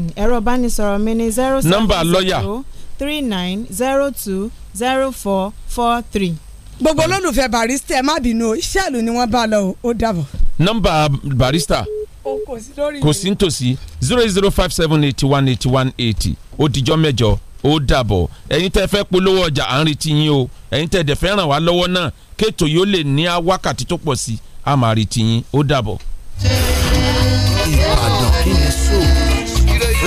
Martin ẹ̀rọ ìbánisọ̀rọ̀ mi ni zero seven nọ́mbà three nine zero two zero four four three. gbogbo olólùfẹ́ barista ẹ má bínú o iṣẹ́ ni wọ́n bá lọ ó dàbọ̀. nọ́mbà barista kò sí nítòsí zero eight zero five seven eighty one eighty one eighty ó dijọ́ mẹ́jọ ó dàbọ̀ ẹ̀yin tẹ́ fẹ́ polówó ọjà à ń retí yín o ẹ̀yin tẹ́ dẹ̀ fẹ́ ràn wá lọ́wọ́ náà kéètò yóò lè ní wákàtí tó pọ̀ sí i a máa retí yín ó dàbọ̀.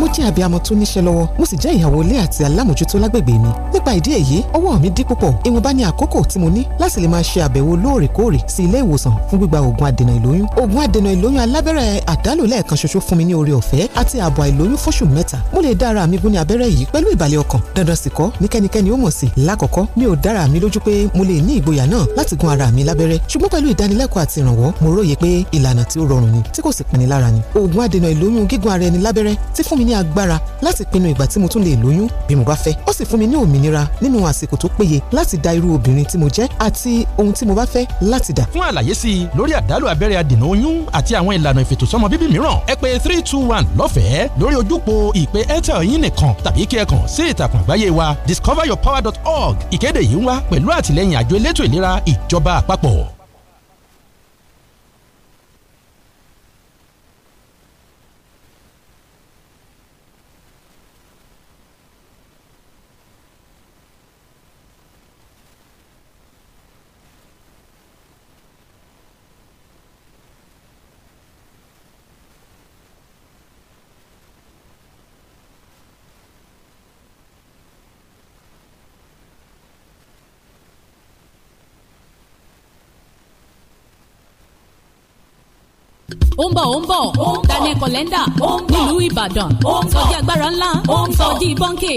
mo jẹ́ abiyamọ tó níṣẹ́ lọ́wọ́ mo sì jẹ́ ìyàwó ilé àti alámòjútó lágbègbè mi nípa ìdí èyí ọwọ́ mi dí púpọ̀ ìwọ̀nba ni àkókò tí mo ní láti lè máa ṣe àbẹ̀wò lóòrèkóòrè sí ilé ìwòsàn fún gbígba oògùn adènà ìlóyún oògùn adènà ìlóyún alábẹ́rẹ́ àdálò lẹ́ẹ̀kan ṣoṣo fún mi ní oore ọ̀fẹ́ àti ààbò àìlóyún fóṣù mẹ́ta mo lè dá mi gún ní abẹ́rẹ́ yìí pẹ̀lú ìbàlẹ̀ ọkàn dandan sì kọ́ ní kẹ́nikẹ́ni ó mọ̀ sí lákọ̀ọ́kọ́ mi ò dára mi lójú pé mo lè ní ìgboyà náà láti gún ara mi lábẹ́rẹ́ ṣùgbọ́n pẹ̀lú ìdánilẹ́kọ̀ọ́ àti ìrànwọ́ mo róye pé ìlànà tí ó rọrùn ni tí kò sì pinni lára ni oògùn adènà ìlóyún gígún ara ẹni lábẹ́rẹ́ ti fún mi ní agbára láti pinnu ìgbà tí mo tún lè lóyún bí mo bá fẹ́ ó sì fún mi ní òmìnira nínú àsìkò tó péye láti da irú obìnrin tí mo jẹ́ àti ohun tí mo bá fẹ́ láti dà. fún àlàyé sí i lórí àdálù abẹ́rẹ́ adènà oyún àti àwọn ìlànà ìfètòsọ́mọ bíbí mìíràn ẹ pè three two one lọ́fẹ̀ẹ́ lórí ojúpo ìpè airtel yín nìkan tàbí kí ẹ kàn sí ìtàkùn àgbáyé wa discoveryourpower.org ìkéde yìí ń wá pẹ̀lú àtìlẹ́yìn àjọ elétò ìlera ìjọba àpapọ̀. ó ń bọ̀ ó ń bọ̀ Daniel Kolenda nílùú Ìbàdàn sọjí agbára ńlá sọjí bọ́ńkì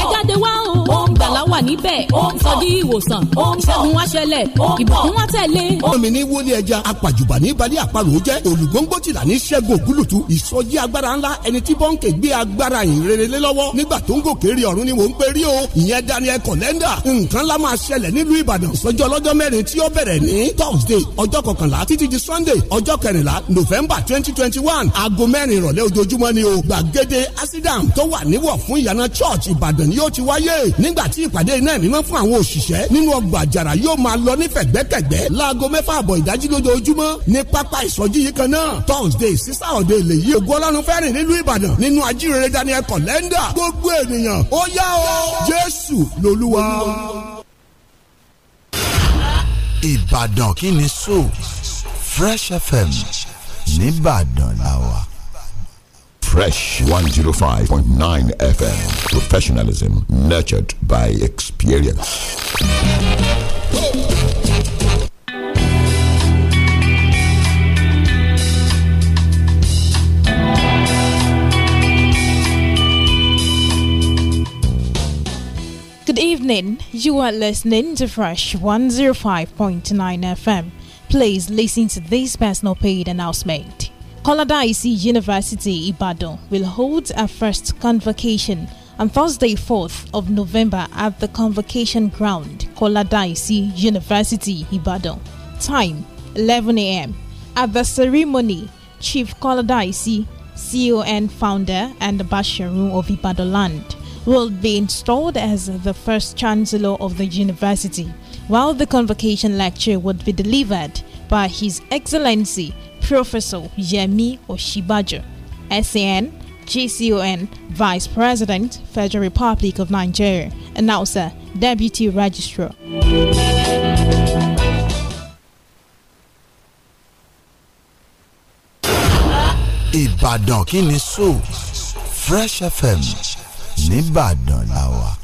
ẹ jáde wá o ìgbàlà wà níbẹ̀ ìsọjí ìwòsàn ìṣẹ́gun wá ṣẹlẹ̀ ìbùkún wá tẹ̀lé. omi ní wọlé ẹja apàjùbà ní balẹ̀ àparò jẹ́ olùgbòǹgbò tìlà ní ṣẹ́gun ògúlùtù ìsọjí agbára ńlá ẹni tí bọ́ǹkì gbé agbára ìrere lọ́wọ́ nígbà tó ń gòkè rí ọ̀run ni wò ń pè rí o ìyẹn Daniel Kọ̀lẹ́ndà nǹkan lá máa ṣẹlẹ̀ nílùú Ìbàdàn sọjọ́ ọlọ́jọ́ mẹ́rin tí ó bẹ̀rẹ̀ ní Thursday ọjọ́ kọkànlá títí di Sunday ọjọ́ kẹrìnlá November twenty twenty one aago mẹ́rin ìrọ̀lẹ́ ojoojúmọ́ ni o gbàgede asidam tó wà níwọ̀ fún ìyànà church Ìbàdàn yóò ti wáyé nígbà nígbà tí ìpàdé iná ẹ̀mí mọ́ fún àwọn òṣìṣẹ́ nínú ọgbà àjàrà yóò máa lọ ní fẹ̀gbẹ́kẹ̀gbẹ́ láago mẹ́fà àbọ̀ ìdájí lójoojúmọ́ ní pápá ìsọjí yìí kan náà Thursday sísá òde lè yí ògo Ọlọ́run fẹ́rìn nílùú Ìbàdàn nínú ajírere Daniel kọ̀lẹ́ndà gbogbo ènìyàn ó yá o Jésù lolúwa. Ìbàdàn kí ni so Fresh FM nìbàdàn làwà. Fresh 105.9 FM. Professionalism nurtured by experience. Good evening. You are listening to Fresh 105.9 FM. Please listen to this personal paid announcement. Koladaisi University Ibadan will hold a first convocation on Thursday 4th of November at the convocation ground Koladaisi University Ibadan. Time 11 a.m. At the ceremony, Chief Koladaisi, CON founder and Basharu of Ibadan Land, will be installed as the first chancellor of the university, while the convocation lecture would be delivered by His Excellency Professor Yemi Oshibajo, SAN, GCON, Vice President, Federal Republic of Nigeria, Announcer, Deputy Registrar. Ìbàdàn kí ni so Fresh FM nìbàdàn làwà.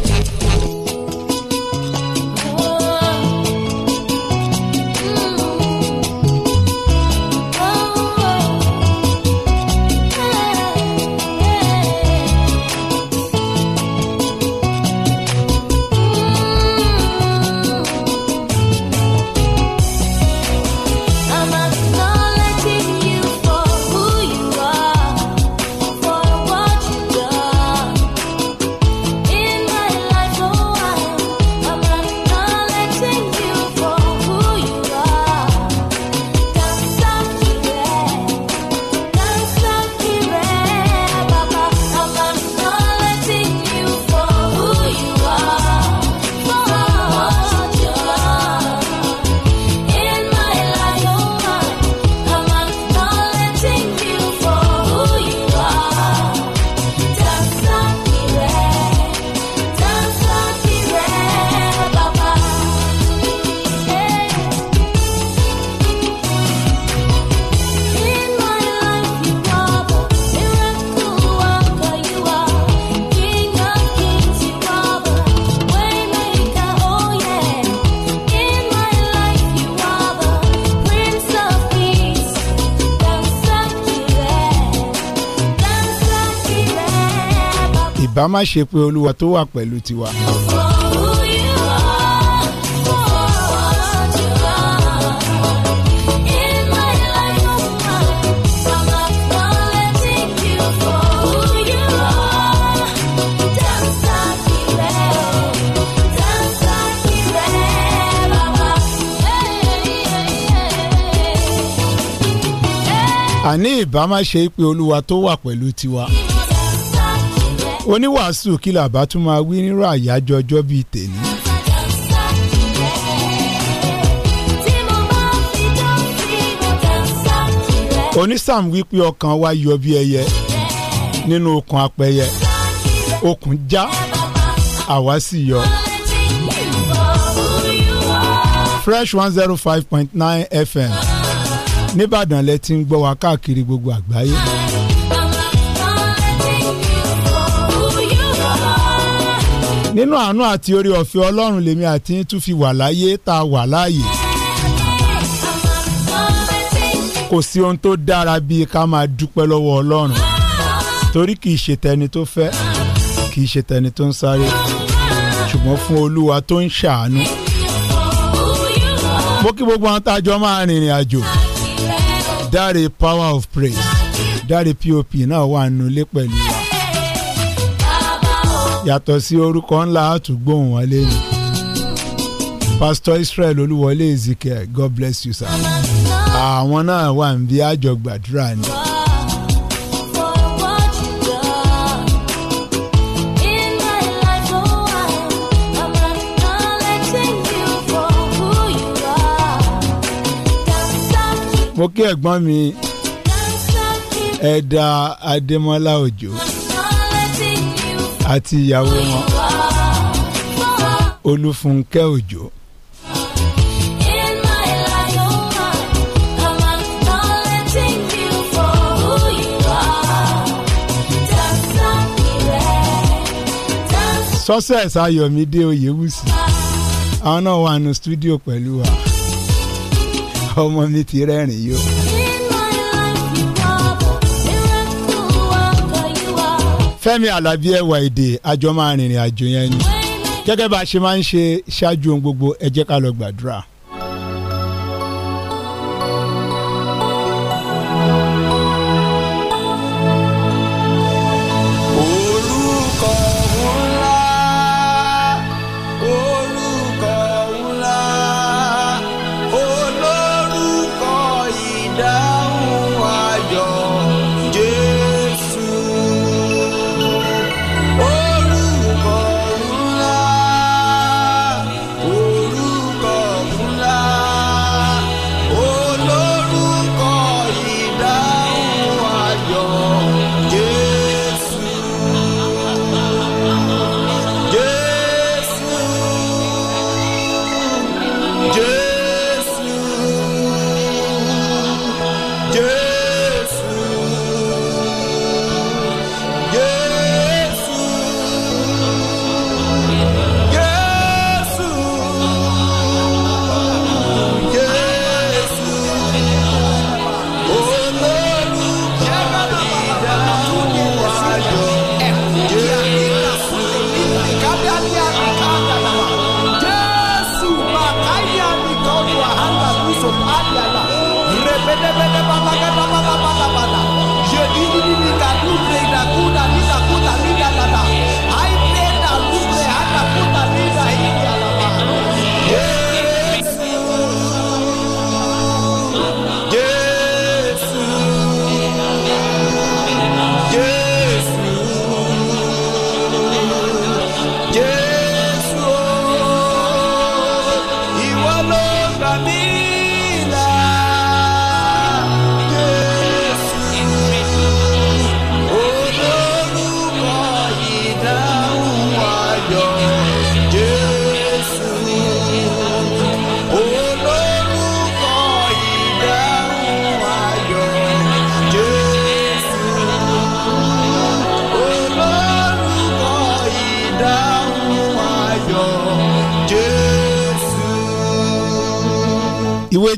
ìbá má ṣe pé olúwa tó wà pẹ̀lú tiwa. àní ìbá ṣe pé olúwa tó wà pẹ̀lú tiwa oníwàásù kí làbá tún máa wí nírú àyájọ́ ọjọ́ bíi tèmi. onísàm wípé ọkàn wa yọ bí ẹyẹ nínú okùn apẹyẹ okùn já àwa sì yọ. fresh one zero five point nine fm nìbàdàn lẹ ti ń gbọ́ wa káàkiri gbogbo àgbáyé. nínú àánú àti orí ọ̀fẹ́ ọlọ́run lèmi àti tún fi wà láyé tá a wà láàyè. kò sí ohun tó dára bíi ká máa dúpẹ́ lọ́wọ́ ọlọ́run torí kì í ṣe tẹni tó fẹ́ kì í ṣe tẹni tó ń sáré ṣùgbọ́n fún olúwa tó ń ṣàánú. mo kí gbogbo àwọn tá máa rìnrìn àjò dáre power of praise dáre pop náà wà nulẹ̀ pẹ̀lú yàtọ̀ sí orúkọ ńlá àtúgbòhùn wọlé ni Pastor Israel Olúwọlé Ezekiel God bless you sir àwọn náà wà ń bí àjọ gbàdúrà ni. mo kí ẹ̀gbọ́n mi ẹ̀dà Adémọ́lá Òjó àti ìyàwó wọn Olúfúnkẹ́ Òjó. Oh success ayọ̀mídé oyèwùsì àwọn náà wà nù stúdíò pẹ̀lú wa ọmọ mi ti rẹ́rìn yóò. Fẹ́mi Alábí ẹwà èdè àjọ máa àjò yẹn ni gẹ́gẹ́ bá a ṣe máa ń ṣe ṣáájú ohun gbogbo ẹ ká lọ gbàdúrà.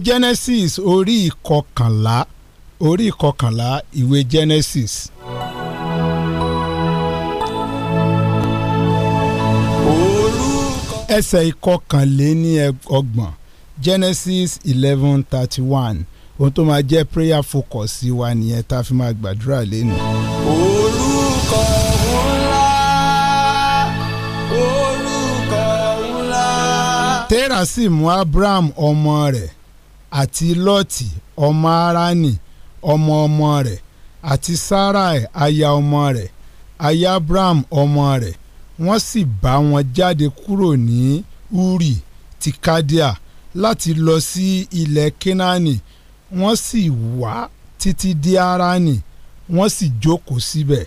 Genesis orí ìkọkànlá orí ìkọkànlá ìwé Genesis. ẹsẹ̀ ìkọkànléní ọgbọ̀n Genesis eleven thirty one ohun tó máa jẹ́ prayer focus sí wa nìyẹn tá a fi máa gbàdúrà lẹ́nu. orúkọ ńlá orúkọ ńlá. Tẹ́rà sì mú Abraham ọmọ rẹ̀ àti lọ́ọ̀tì ọmọ arani ọmọ ọmọ rẹ̀ àti sarai aya ọmọ rẹ̀ aya abraham ọmọ rẹ̀ wọ́n sì bá wọn jáde kúrò ní uri ti kadia láti lọ sí ilẹ̀ kenani wọ́n sì wá títí di arani wọ́n sì jókòó síbẹ̀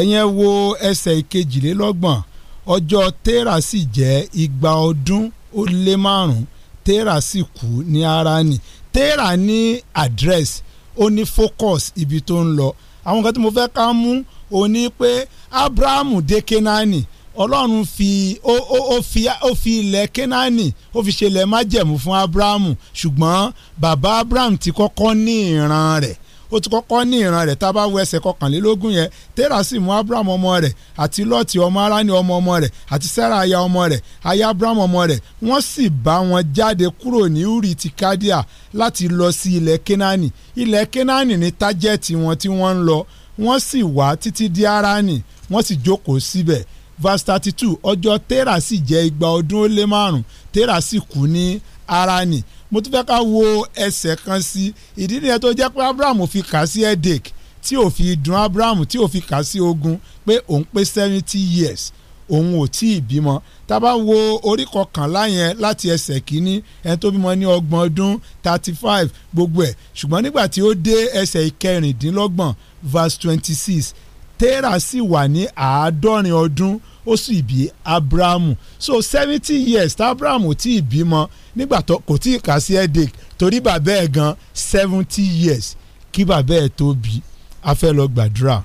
ẹ̀yẹn wo ẹsẹ̀ ìkejìlélọ́gbọ̀n ọjọ́ tẹ́ra sì jẹ́ igba ọdún ó lé márùn-ún Tera sì kú ní ni Tera ní address ó ní focus ibi tó ń lọ àwọn nǹkan tí mo fẹ́ ká mú o ní pé Abrahamu dé Kenani ọlọ́run fi ó ó ó fi ó fi ilẹ̀ Kénáánì ó fi ṣe ilẹ̀ májẹ̀mú fún Abrahamu ṣùgbọ́n bàbá Abraham ti kọ́kọ́ ní ìran rẹ̀ ó ti kọ́kọ́ ní ìran rẹ̀ tá a bá wo ẹsẹ̀ kọkànlélógún yẹn tẹ́rà sì mú abraham ọmọ rẹ̀ àti lọ́ọ̀tì ọmọ arání ọmọ ọmọ rẹ̀ àti sarah aya ọmọ rẹ̀ aya abraham ọmọ rẹ̀ wọ́n sì bá wọn jáde kúrò ní uri ti kadia láti lọ sí ilẹ̀ kenani ilẹ̀ kenani ní tájẹ́ẹ̀tì wọn tí wọ́n ń lọ wọ́n sì wá títí di arani wọ́n sì jókòó síbẹ̀ verse thirty two ọjọ́ tẹ́rà sì jẹ́ igba ọdún ó lé márùn-ún tẹ́rà sì kú ní arani mo tún fẹ́ ká wo ẹsẹ̀ kan sí ìdí nìyẹn tó jẹ́ pé Abraham fi kà sí headache tí ò fi dùn Abraham tí ò fi kà sí ogun pé òun pé seventy years òun ò tí ì bímọ tá wo orí kọkànlá yẹn láti ẹsẹ̀ kínní ẹni tó bímọ ní ọgbọ̀n ọdún thirty five gbogbo ẹ̀ ṣùgbọ́n nígbà tí ó dé ẹsẹ̀ ìkẹrìndínlọ́gbọ̀n verse twenty six Tera sì wà ní àádọ́rin ọdún ó sì bí abrahamu so seventy years tá abrahamu tí ì bímọ nígbà tó kò tí ì kà sí headache torí bàbá ẹ̀ gan seventy years kí bàbá ẹ̀ tó bí a fẹ́ lọ gbàdúrà.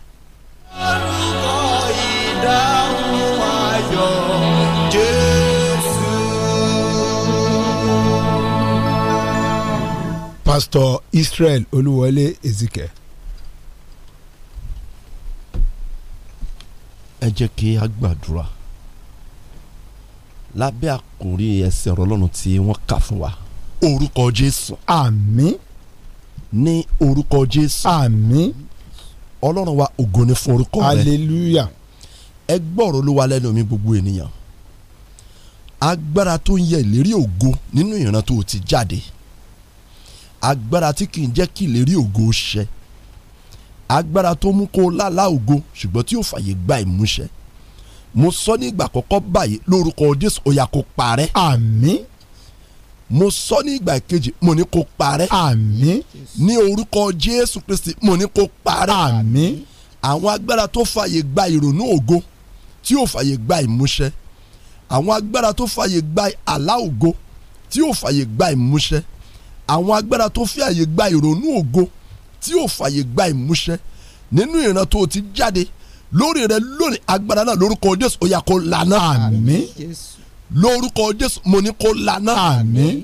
orúkọ Israel Olúwọlé Ezekiel. ẹ jẹ́ kí a gbàdúrà lábẹ́ àkòrí ẹsẹ̀ ọ̀rọ̀ ọlọ́run tí wọ́n kà fún wa orúkọ jésù. àmín. ní orúkọ jésù. àmín. ọlọ́run wa ògo ni fún orúkọ rẹ. hallelujah. ẹ gbọ́rọ̀ olúwa lẹ́nu mi gbogbo ènìyàn agbára tó ń yẹ ìlérí ògo nínú ìran tó ti jáde agbára tí kì í jẹ́ kí ìlérí ògo ṣẹ agbára tó mú kó lálá ògo ṣùgbọ́n tí ó fàyè gba ìmúṣẹ mo sọ ní ìgbà báyìí lórúkọ Jésù ó yá kó parẹ́. mo sọ ní kejì mo ní kó parẹ́. àmín. ní orúkọ Jésù Kristi mo ní kó parẹ́. àmín. àwọn agbára tó fàyè gba ìrònú ògo tí ó fàyè gba ìmúṣẹ àwọn agbára tó fàyè gba àlá ògo tí ó fàyè gba ìmúṣẹ àwọn agbára tó fàyè gba ìrònú ògo tí ò fàyè gba ìmúṣẹ nínú ìran tó o ti jáde lórí rẹ lónìí agbára náà lórúkọ Jésù ó yá kó lànà àmín lórúkọ Jésù mo ní kó lànà àmín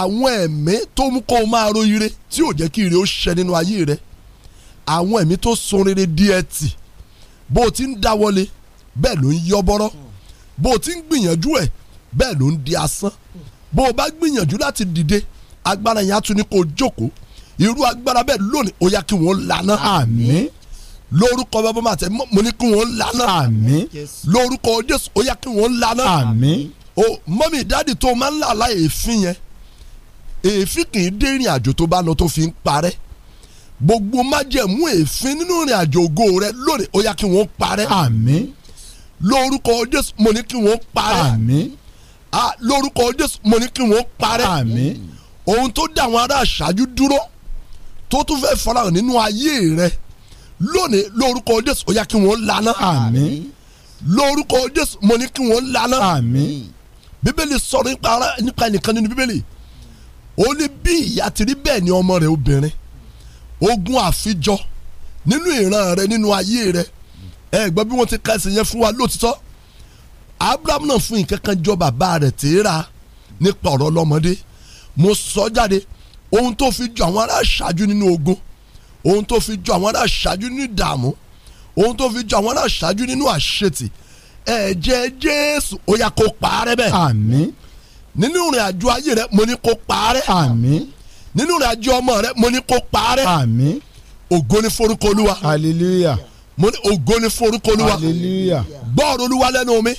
àwọn ẹ̀mí tó mú kó o máa ro ire tí ò jẹ́ kí ire ó ṣẹ nínú ayé rẹ àwọn ẹ̀mí tó sun rere díẹ̀ tì bó o ti ń dáwọ́lé bẹ́ẹ̀ ló ń yọ́ bọ́rọ́ bó o ti ń gbìyànjú ẹ̀ bẹ́ẹ̀ ló ń di asán bó o bá gbìyànjú láti dìde agbára yẹn á tún ní kó o jókòó irú agbára bẹ́ẹ̀ lónìí ó yá kí wọ́n lana. àmín lórúkọ bàbá máa tẹ mo ní kí wọ́n lana. àmín lórúkọ jésù ó yá kí wọ́n lana. àmín o mọ́mí dáàdì tó máa ń là láì èéfín yẹn èéfín kì í dé ìrìn àjò tó bá lọ tó fi ń parẹ́ gbogbo májẹ̀mú èéfín nínú ìrìn àjò ògo rẹ lónìí ó yá kí wọ́n parẹ́. àmín lórúkọ jésù mo ní kí wọ́n parẹ́. àmín lórúkọ jésù mo ní kí wọ́n parẹ́. àmín ohun tó dá àwọn ará àṣáájú dúró tó tún fẹ́ farahàn nínú ayé rẹ lónìí lórúkọ Jésù ó yá kí wọ́n lana. ami, lórúkọ Jésù mo ní kí wọ́n lana. àmín bíbélì sọ̀rọ̀ nípa ara nípa ẹnìkan nínú bíbélì ó ní bí ìyá ti rí bẹ́ẹ̀ ni ọmọ rẹ̀ obìnrin ogun àfijọ nínú ìran rẹ nínú ayé rẹ ẹ gbọ́ bí wọ́n ti ka ẹsẹ̀ yẹn fún wa lóòtítọ́ Abraham náà fún nǹkan kan jọ bàbá rẹ̀ tèéra nípa ọ̀rọ̀ ọlọ́mọdé mo sọ jáde ohun tó fi ju àwọn ará ṣáájú nínú ogun ohun tó fi ju àwọn ará ṣáájú nínú ìdààmú ohun tó fi ju àwọn ará ṣáájú nínú àṣetì ẹ̀jẹ̀ Jésù ó yá kó parẹ́ bẹ́ẹ̀. àmín. nínú ìrìn àjò ayé rẹ mo ní kó parẹ́. àmín. nínú ìrìn àjò ọmọ rẹ mo ní kó parẹ́. àmín. ògo ni forúkọ Olúwa. hallelujah. mo ní ògo ni forúkọ Olúwa. hallelujah. gbọ́ọ̀rọ̀ Olúwa lẹ́nu mi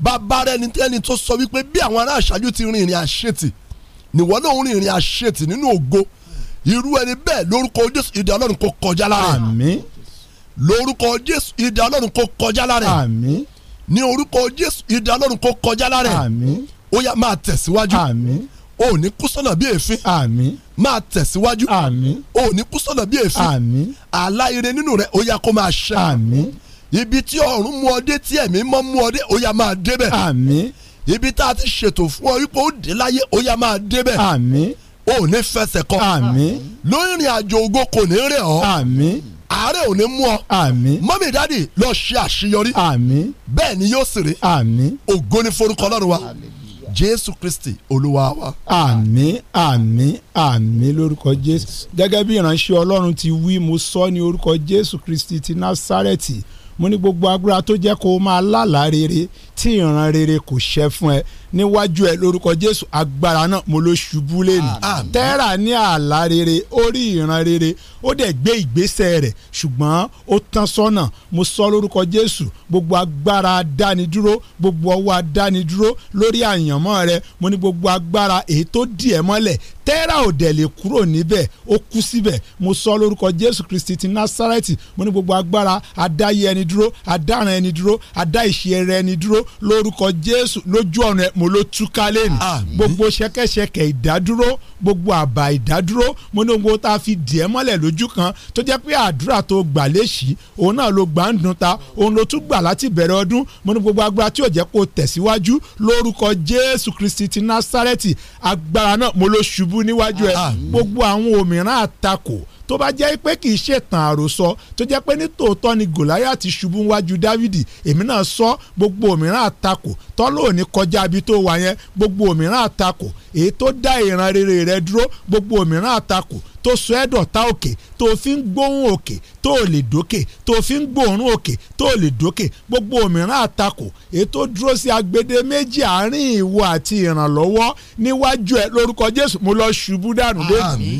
bàbá rẹ ní tẹ́ni tó sọ wípé bí àwọn ará àṣáájú ti rìn ìrìn àṣetì níwọ náà ń rìnrìn àṣetì nínú ògo irú ẹni bẹ́ẹ̀ lórúkọ jésù ìdè ọlọ́run kò kọjá lára rẹ̀ lórúkọ jésù ìdè ọlọ́run kò kọjá lára rẹ̀ ní orúkọ jésù ìdè ọlọ́run kò kọjá lára rẹ̀ ó yá máa tẹ̀síwájú o ní kú bí èéfín. máa tẹ̀síwájú. o ní kú bí èéfín. àmín. nínú rẹ ó yá kó máa ṣẹ. ibi tí ọ̀run mú ọ tí ẹ̀mí mọ́ mú ọ ó yá máa débẹ̀ ibi tá a ti ṣètò fún ọ wípé ó dé láyé ó yá máa débẹ̀. àmín. o ò ní fẹsẹ̀ kọ. àmín. lórí ìrìn àjò ògo kò ní rẹ̀ ọ́. àmín àárẹ̀ ò ní mú ọ. àmín. mọ́mí dáàdì lọ ṣe àṣeyọrí. àmín. bẹ́ẹ̀ ni yóò ṣeré. àmín. ògo ni forúkọ ọlọ́run wa. jésù kristi olúwa wa. àmín àmín àmín lórúkọ jésù. gẹ́gẹ́ bí ìránṣẹ́ ọlọ́run ti wí mo sọ ní orúkọ jésù kristi ti násárẹ́tì mo ní gbogbo agbára tó jẹ́ kó o máa lálàá rere tí ìran rere kò ṣẹ fún ẹ níwájú ẹ lórúkọ jésù agbára náà mo ló ṣubú lẹ́nu tẹ́rà ní àlá rere ó rí ìran rere ó dẹ̀ gbé ìgbésẹ̀ rẹ̀ ṣùgbọ́n ó tán sọ́nà mo sọ lórúkọ jésù gbogbo agbára dánidúró gbogbo ọwọ́ dánidúró lórí àyànmọ́ rẹ mo ní gbogbo agbára èyí tó dì ẹ́ mọ́lẹ̀ tẹ́rà ò dẹ̀ lè kúrò níbẹ̀ ó kú síbẹ̀ mo sọ lórúkọ jésù kristi ti násárẹ́tì mo ní gbogbo agbára adáyé ẹni dúró adáran ẹni dúró adá ìṣe ẹni dúró lórúkọ jésù lójú ọ̀nà ẹ̀ mo mo ló túká lẹ́nu gbogbo ṣẹ̀kẹ̀ṣẹ̀kẹ̀ ìdádúró gbogbo àbá ìdádúró mo ní owó tá a fi dìẹ́ mọ́lẹ̀ lójú kan tó jẹ́ pé àdúrà tó gbà léṣì òun náà ló gbà ń dun ta òun ló tún gbà láti bẹ̀rẹ̀ ọdún mo ní gbogbo agbára tí ò jẹ́ kó tẹ̀síwájú lórúkọ Jésù Kristi ti Násárẹ́tì agbára náà mo ló ṣubú níwájú ẹ gbogbo àwọn òmíràn àtakò tó bá jẹ́ pé kì í ṣètàn àròsọ tó jẹ́ pé ní tòótọ́ ni Gòláyàtì ṣubú wájú Dávìdì èmi náà sọ gbogbo òmíràn àtakò tọ́lọ́ òní kọjá ibi tó wà yẹn gbogbo òmíràn àtakò èyí tó dá ìran rere rẹ dúró gbogbo òmíràn àtakò tó sọ ẹ́ dọ̀tá òkè tó fi ń gbóhùn òkè tó lè dókè tó fi ń gbóhùn òkè tó lè dókè gbogbo òmíràn àtakò èyí tó dúró sí agbede méjì àárín ìwọ àti ìrànlọ́wọ́ níwájú ẹ lórúkọ Jésù mo lọ ṣubú dànù lónìí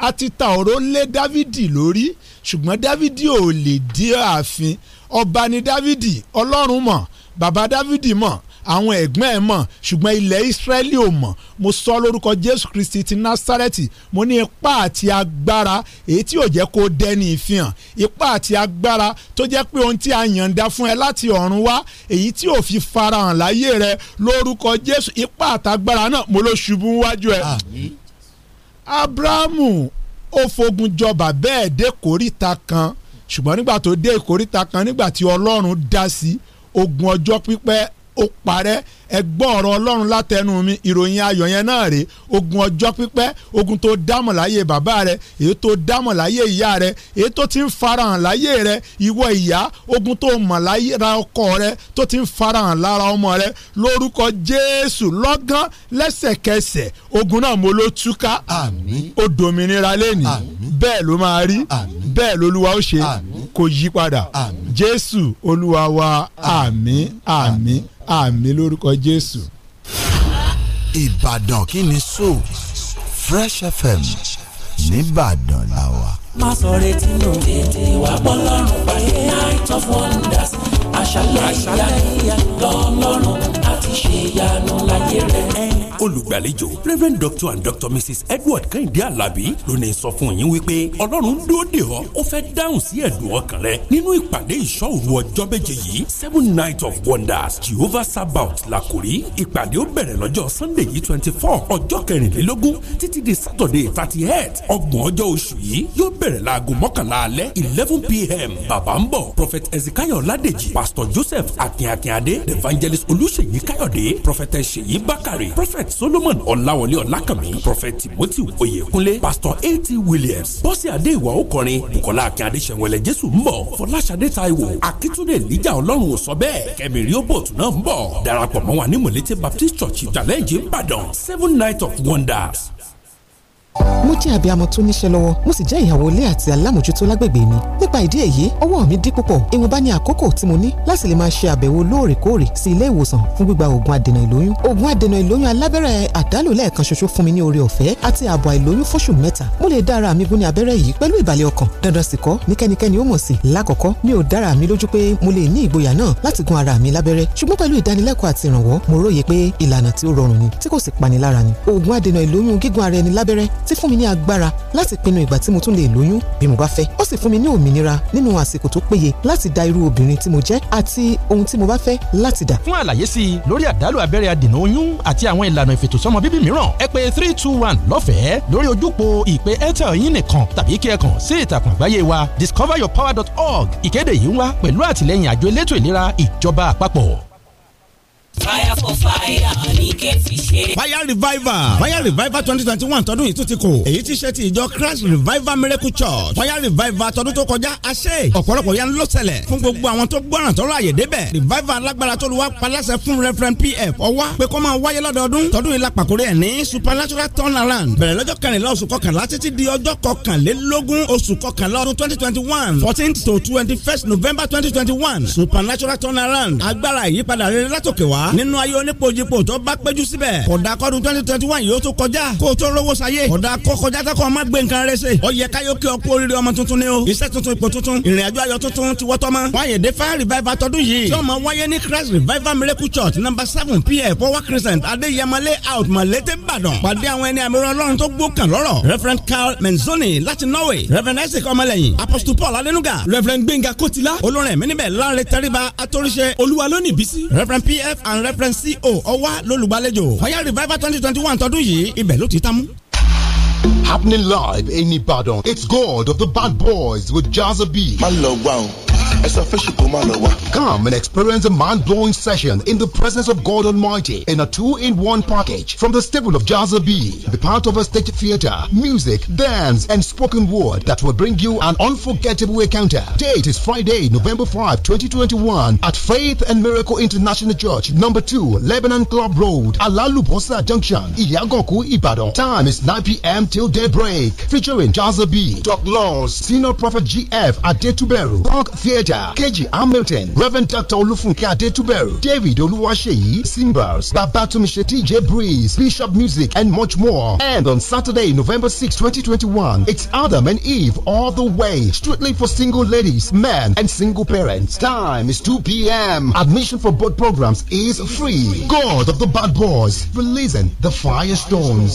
a ti ta ọ̀rọ̀ lé dávidi lórí ṣùgbọ́n dávidi ò lè dé ààfin ọba ni dávidi ọlọ́run mọ̀ bàbá dávidi mọ̀ àwọn ẹ̀gbọ́n ẹ̀ mọ̀ ṣùgbọ́n ilẹ̀ Ísírẹ́lì ò mọ̀ mo sọ lórúkọ Jésù Kristi ti Násárẹ́tì mo ní ipá àti agbára èyí tí ò jẹ́ kó dẹ́ni ìfihàn ipá àti agbára tó jẹ́ pé ohun tí a yànda fún ẹ láti ọ̀run wá èyí tí ò fi farahàn láyé rẹ lórúkọ Jésù ipá àtagbára náà mo ló ṣubú wájú ẹ abrahamu ó fogun jọba bẹ́ẹ̀ dé kórìíta kan ṣùgbọ́n nígbà tó dé kórìíta kan nígbà tí ọlọ́run dá sí ogun ọjọ́ pípẹ́ ó parẹ́ ẹ gbọ́ ọ̀rọ̀ ọlọ́run látẹnu mi ìròyìn ayọ̀ yẹn náà rèé ogun ọjọ́ pípẹ́ ogun tó dámọ̀ láyé bàbá rẹ èyí tó dámọ̀ láyé ìyá rẹ èyí tó ti ń farahàn láyé rẹ ìwọ ìyá ogun tó mọ̀ lára ọkọ rẹ tó ti ń farahàn lára ọmọ rẹ lórúkọ Jésù lọ́gán lẹ́sẹ̀kẹsẹ̀ ogun náà mo ló túká àmín ó dòmìnira lẹ́nìí bẹ́ẹ̀ ló máa rí bẹ́ẹ̀ lolúwa ó ṣe kò yí padà Jésù olúwa wa àmín àmín àmín lórúkọ jésù. ìbàdàn kí ni so fresh fm nìbàdàn la wà. má sọ retí nù. tètè wá bọ́ lọ́rùn pàdé night of wonders àṣàlẹ̀ ìyá ìyá lọ́lọ́run láti ṣe ìyanu láyé rẹ. olùgbàlejò reverend doctor and doctor mrs edward kẹ́hìndé alábí ló ní sọ fún yín wípé ọlọ́run ń dúró dè ọ́ ó fẹ́ dáhùn sí ẹ̀dùn ọkàn rẹ nínú ìpàdé ìṣọ́òru ọjọ́ méje yìí seven night of wonders jehovah sabaoth làkòrí ìpàdé ó bẹ̀rẹ̀ lọ́jọ́ sunday yìí twenty four ọjọ́ kẹrìnlélógún títí di saturday thirty eight ọgbọ̀n ọjọ́ oṣù yìí yóò bẹ̀rẹ̀ láago mọ́kànlá alẹ́ eleven pm bàbá ń bọ̀ prophet ezekiel ọládèjì pastor joseph ade evangelist olùṣèyí káyọ̀ káyọ̀dé prọfẹtẹ ṣèyí bákàrè prọfẹt solomon ọláwọlé ọlákànmí prọfẹt timothy oyèkúnlé Pastor at williams bọ́sì adé ìwà òkọrin bukola akin adéṣẹ̀wẹ̀lẹ̀ jésù ń bọ̀ fọláṣadé taiwo akitunde níjà ọlọ́run ò sọ bẹ́ẹ̀ kẹmìrì òbòtún náà ń bọ̀ darapọ̀ mọ́ wa ní mọ̀lẹ́tẹ̀ baptist church ìjàlẹ́jì ìbàdàn seven night of wonders mo jẹ́ abiyamọ tó níṣẹ́ lọ́wọ́ mo sì jẹ́ ìyàwó ilé àti alámòjútó lágbègbè mi nípa ìdí èyí ọwọ́ mi dí púpọ̀ ìwọ̀nba ní àkókò tí mo ní láti lè máa ṣe àbẹ̀wò lóòrèkóòrè sí ilé ìwòsàn fún gbígba oògùn adènà ìlóyún oògùn adènà ìlóyún alábẹ́rẹ́ àdálò lẹ́ẹ̀kan ṣoṣo fún mi ní oore ọ̀fẹ́ àti ààbò àìlóyún fóṣù mẹ́ta mo lè dá ara mi gún ní abẹ́rẹ́ yìí pẹ̀lú ìbàlẹ̀ ọkàn dandan sì kọ́ ní kẹ́nikẹ́ni ó mọ̀ sí lákọ̀ọ́kọ́ mi ò dára mi lójú pé mo lè ní ìgboyà náà láti gún ara mi lábẹ́rẹ́ ṣùgbọ́n pẹ̀lú ìdánilẹ́kọ̀ọ́ àti ìrànwọ́ mo róye pé ìlànà tí ó rọrùn ni tí kò sì panilára ni oògùn adènà ìlóyún gígún ara ẹni lábẹ́rẹ́ tí fún mi ní agbára láti pinnu ìgbà tí mo tún lè lóyún bí mo bá fẹ́ ó sì fún mi ní òmìnira nínú àsìkò tó péye láti da irú obìnrin tí mo jẹ́ àti ohun tí mo bá fẹ́ láti dà. fún àlàyé sí i lórí àdálù abẹ́rẹ́ adènà oyún àti àwọn ìlànà ìfètòsọ́mọ bíbí mìíràn ẹ pè three two one lọ́fẹ̀ẹ́ lórí ojúpo ìpè airtel yín nìkan tàbí kí ẹ kàn sí ìtàkùn àgbáyé wa discoveryourpower.org ìkéde yìí ń wá pẹ̀lú àtìlẹ́yìn àjọ elétò ìlera ìjọba àpapọ̀ fire for fire fire revival fire revival twenty twenty one tọdún yìí tún ti kù èyí ti ṣe ti ìjọ christ revival miracle church fire revival tọdún tó kọjá a ṣe ọ̀pọ̀lọpọ̀ yẹn ló ṣẹlẹ̀ fún gbogbo àwọn tó gbọ́ràn tọ́lọ́ àyè débẹ̀ revival alágbára tó lu wá paláṣẹ fún referent pf ọwá pé kó máa wáyé lọ́dọọdún tọdún yìí la pàkórí ẹ̀ ní supernatural turnaround bẹ̀rẹ̀ lọ́jọ́ kẹrìnlá oṣù kọkànlá títí di ọjọ́ kọkànlélógún oṣù kọkànlá ọdún twenty twenty one fourteen to twenty first november twenty twenty one supernatural turnaround agbára ìyípadà rere látòkè wá wá nínú ayé onípojípo tó bá péjú síbẹ̀ kódà kọ́dún twenty twenty one yóò tó kọjá kó o tó rówó sayé kódà kó kọjá tó kọ́ ọ má gbé nǹkan rẹ ṣe ó yẹ káyọ̀ kí ọ oríire ọmọ tuntun ni o iṣẹ́ tuntun ipò tuntun ìrìn àjò ayọ̀ tuntun ti wọ́tọ́ mọ́ wáyé dé fire revival tọdún yìí tí ó máa wáyé ní Christ revival miracle church number seven pf power crescent adéyẹmọ layout malete Ìbàdàn pàdé àwọn ẹni àmì ọlọ́run tó gbókàn lọ́rọ̀ reverend Carl Menzoni láti Norway reverend Isaac ọmọlẹ́yìn apostle Paul Alenuga reverend Gbénga Kotila olórin ẹ̀mí níbẹ̀ láre tẹ́ríba atóríṣe olúwa lónìí bísí reverend pf and ìbàdàn reference co ọwá lólùgbàlejò ọ̀yá revival twenty twenty one tọdún yìí ibẹ̀ ló ti tán mú. happening live in Ibadan it's God of the Bad Boys with Jazza B. má lọ Come and experience a mind blowing session in the presence of God Almighty in a two in one package from the stable of Jazza B. Be part of a stage theater, music, dance, and spoken word that will bring you an unforgettable encounter. Date is Friday, November 5, 2021 at Faith and Miracle International Church, number 2, Lebanon Club Road, Alalubosa Junction, Iyagoku, Ibadan. Time is 9 p.m. till daybreak. Featuring Jazza B, Doc Laws, Senior Prophet GF at Tuberu. Park Theater ìkẹjà kejì hamilton reverend dr olúfúnkẹ́ adétúbẹ̀rù david olúwaṣeyí cymbals babatunmise tj breeze bishop music and much more and on saturday november six twenty twenty one it's adam and eve all the way strictly for single ladies men and single parents time is two p.m admission for both programs is free god of the bad boys releasing the firestones.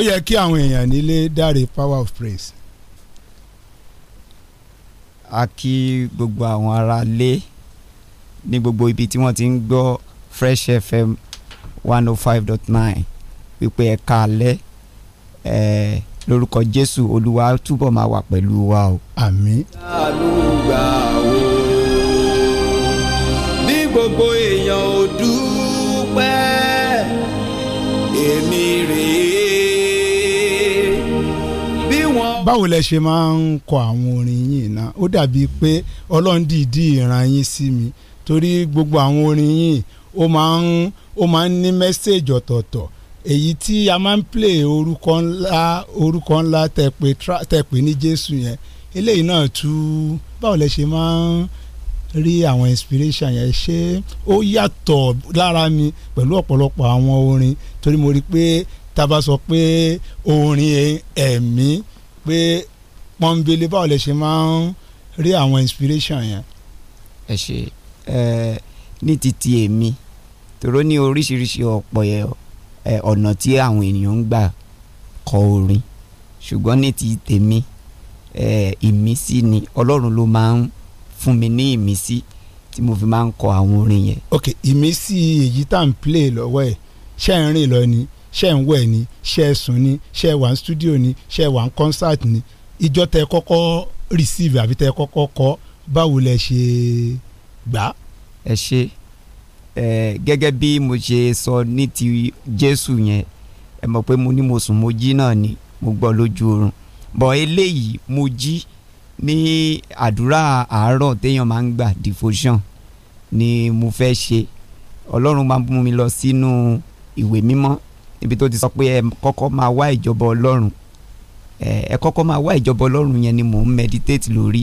ó yẹ kí àwọn èèyàn nílé dáre power of praise. a kí gbogbo àwọn ará lé ní gbogbo ibi tí wọ́n ti ń gbọ́ fresh fm one oh five dot nine wípé ẹ káalẹ́ ẹ lórúkọ jésù olúwa túbọ̀ máa wà pẹ̀lú wa o. àmín. àlùgbà gbogbo èèyàn ò dúró. báwo lẹ ṣe máa ń kọ àwọn orin yìí ná ó dàbí pé ọlọ́run dìídì ìran yín sí mi torí gbogbo àwọn orin yìí ó máa ń ó máa ń ní mẹ́sẹ̀gì ọ̀tọ̀ọ̀tọ̀ èyí tí a máa ń play orúkọ ńlá orúkọ ńlá tẹ̀pẹ́ ní jésù yẹn eléyìí náà tú báwo lẹ ṣe máa ń rí àwọn inspiration yẹn ṣé ó yàtọ̀ lára mi pẹ̀lú ọ̀pọ̀lọpọ̀ àwọn orin torí mo rí i pé tá a bá sọ pé orin ẹ̀mí pé pọ́nbélé báwo lè ṣe máa ń rí àwọn inspiration yẹn. ẹ ṣe ẹ ní ti ti èmi tòró ní oríṣiríṣi ọ̀pọ̀ ọ̀nà tí àwọn ènìyàn ń gbà kọ orin ṣùgbọ́n ní ti tèmi ìmísí ni ọlọ́run ló máa ń fún mi ní ìmísí tí mo fi máa ń kọ àwọn orin yẹn. ok ìmísí èyí tá à ń play lọ́wọ́ ẹ̀ ṣẹ́ ń rìn lọ ni. Okay ṣe ń wẹ̀ ni ṣe ń sùn ni ṣe wà ní studio ni ṣe wà ní concert ni ìjọ tẹ kọ́kọ́ receive àbí tẹ kọ́kọ́ kọ́ báwo lẹ ṣe gbà. ẹ ṣe ẹ gẹ́gẹ́ bí mo ṣe sọ ní ti Jésù yẹn ẹ mọ̀ pé mo ní mo sùn mo jí náà ni mo gbọ́ lójú oorun bọ̀ eléyìí mo jí ní àdúrà àárọ̀ téèyàn máa ń gbà devotion ni mo fẹ́ ṣe ọlọ́run máa ń mú mi lọ sínú ìwé mímọ́ níbi tó ti sọ pé ẹ kọ́kọ́ máa wá ìjọba ọlọ́run ẹ kọ́kọ́ máa wá ìjọba ọlọ́run yẹn ni mò ń meditate lórí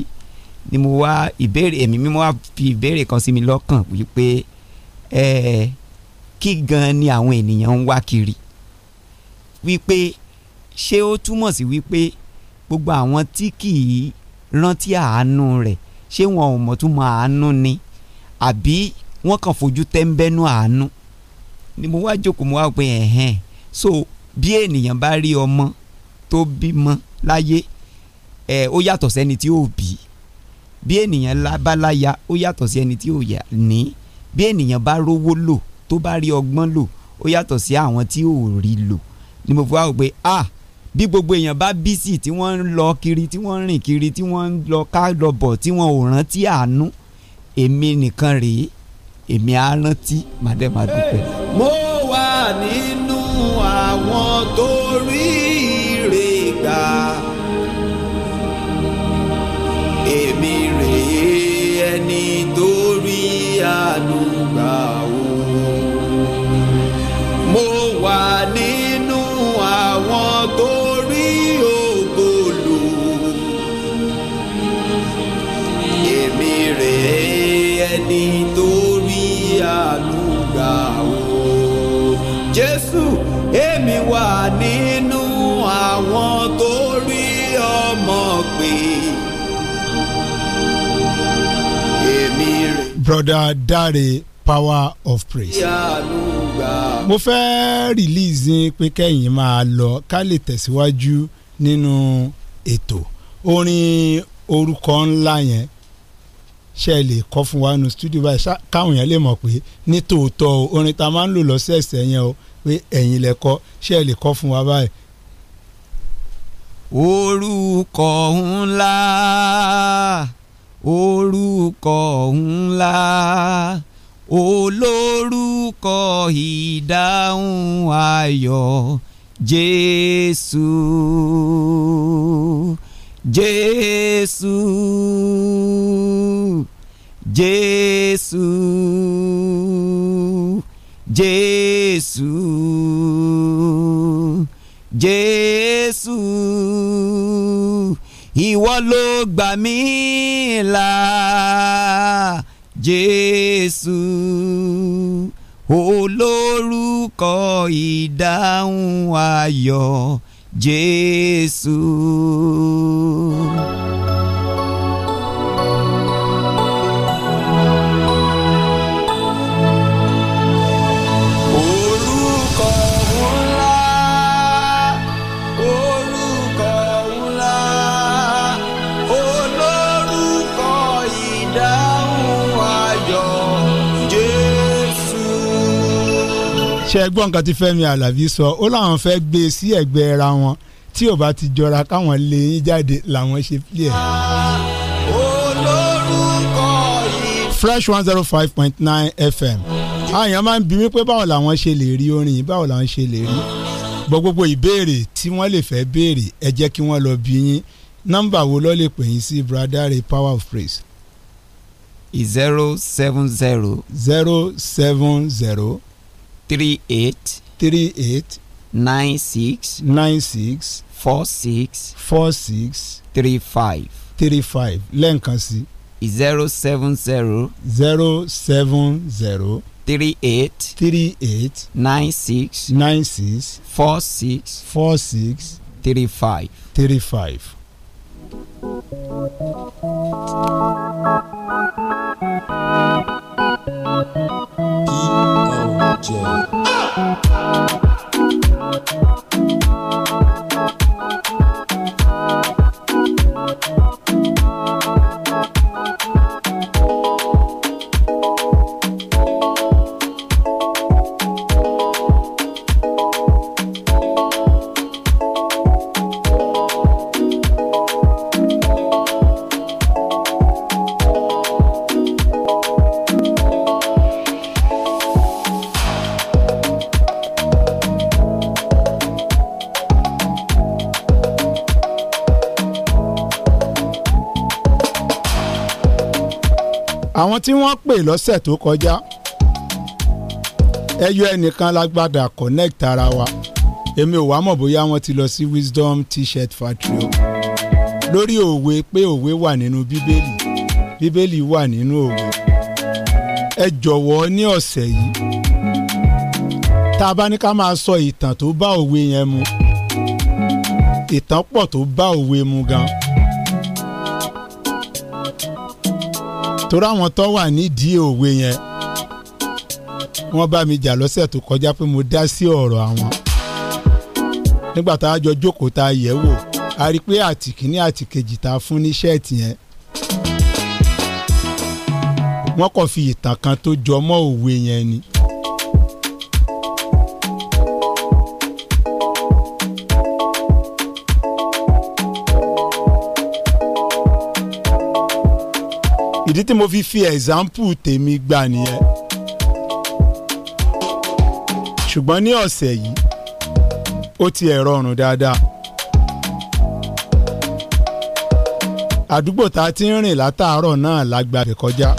ni mo wá ìbéèrè ẹ̀mí mi mo wá fi ìbéèrè kan sí mi lọ́kàn wípé ẹ kí gan ni àwọn ènìyàn ń wá kiri wípé ṣé ó túmọ̀ sí wípé gbogbo àwọn tí kì rántí àánú rẹ̀ ṣé wọn ò mọ̀ tún mọ àánú ni àbí wọ́n kàn fojú tẹ́ńbẹ́nú àánú ni mo wá jókòó mo wá pé ẹ̀hẹ́n so bí ènìyàn bá rí ọmọ tó bímọ láyé ẹ ó yàtọ̀ sẹ́ni tí ó bí bí ènìyàn bá láya ó yàtọ̀ sí ẹni tí ó yà ní bí ènìyàn bá rówó lò tó bá rí ọgbọ́n lò ó yàtọ̀ sí àwọn tí ò rí lò ni mo fi wá pé ah bí gbogbo èèyàn bá bí sí tí wọ́n ń lọ kiri tí wọ́n ń rìn kiri tí wọ́n ń lọ ká lọ bọ̀ tí wọ́n ò rántí àánú èmi nìkan rèé èmi á rántí màdẹ́màdúpẹ́. mo wà nínú àwọn tó rí ire gbà èmi rèé ẹni tó rí àánú gbà o mo wà nínú àwọn tó rí ògo lò èmi rèé ẹni tó rí àánú gbà o Jésù mi wà nínú àwọn tó rí ọmọ pé Brother Dare power of praise. mo fẹ́ release pé kẹ́yìn máa lọ ká lè tẹ̀síwájú nínú ètò orin orúkọ ńlá yẹn ṣe lè kọ́ fún wa nù studio báyìí káwọn yẹn lè mọ̀ pé ní tòótọ́ orin tá a máa ń lò lọ́sẹ̀ẹ̀sẹ̀ yẹn o pé ẹ̀yin lẹ kọ́ ṣé ẹ lè kọ́ fún wa báyìí. orúkọ ńlá orúkọ ńlá olórúkọ ìdáhùn ayọ̀ jésù jésù jésù jésù jésù ìwọ ló gbà mí là jésù olórúkọ ìdáhùn ayọ̀ jésù. ṣe gbọ́ nǹkan tí Fẹ́mi Alábí sọ ó láwọn fẹ́ gbé e sí ẹ̀gbẹ́ ra wọn tí ò bá ti jọra káwọn lè yín jáde làwọn ṣe pílẹ̀. olórúkọ yìí. fresh one zero five point nine fm àyàn máa ń bi mí pé báwo làwọn ṣe lè rí orin yìí báwo làwọn ṣe lè rí bọ gbogbo ìbéèrè tí wọ́n lè fẹ́ béèrè ẹ jẹ́ kí wọ́n lọ bí yín nọ́mbà wo ló lè pè yín sí bradare power of praise. zero seven zero. zero seven zero three eight. three eight. nine six. nine six. four six. four six. three five. three five lẹ́ǹkan sí. zero seven zero. zero seven zero. three eight. three eight. nine six. nine six. four six. four six. three five. three five. Thank you. G-O-J. tí wọ́n pè lọ́sẹ̀ tó kọjá ẹyọ ẹnìkan la gbàdà connect ara wa èmi ò wá mọ̀ bóyá wọ́n ti lọ sí Wisdom T-shirt factory o lórí òwe pé òwe wà nínú bíbélì bíbélì wà nínú òwe ẹ jọ̀wọ́ ní ọ̀sẹ̀ yìí tá a bá ní ká máa sọ ìtàn tó bá òwe yẹn mu ìtàn pọ̀ tó bá òwe mu gan-an torí àwọn tó wà nídìí òwe yẹn wọ́n bá mi jà lọ́sẹ̀ tó kọjá pé mo dá sí ọ̀rọ̀ àwọn nígbà tá a jọ jókòó tá a yẹ̀ wò a rí i pé àtìkíní àtìkejì tá fún ní ṣẹ́ẹ̀tì yẹn wọ́n kàn fi ìtàn kan tó jọ mọ́ òwe yẹn ni. ìdí tí mo fi fi ẹ̀sáǹpù tèmi gbà nìyẹn ṣùgbọ́n ní ọ̀sẹ̀ yìí ó ti ẹ̀rọ ọ̀run dáadáa àdúgbò tá a ti ń rìn látàárọ̀ náà lágbàbẹ̀ kọjá.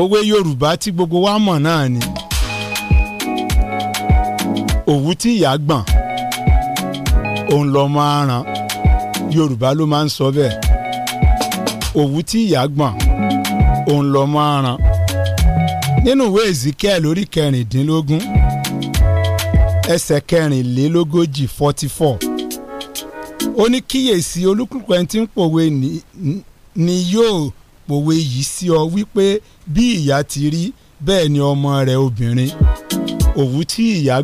òwe Yorùbá tí gbogbo wa mọ̀ náà ni òwú tí ìyá gbọ̀n. òun mọ aràn yorùbá ló máa ń sọ bẹ́ẹ̀ òwú tí ìyá gbọ̀n òun mọ aràn nínú ìwé Èzíkíẹ́lì lórí kẹrìndínlógún ẹsẹ̀ kẹrìnlélógójì forty four ó ní kíyèsí olúkúlùkù ẹni tí ń pòwe ni yóò pòwe yìí sí ọ wípé bí ìyá ti rí ni ọmọ rẹ obìnrin òwú tí ìyá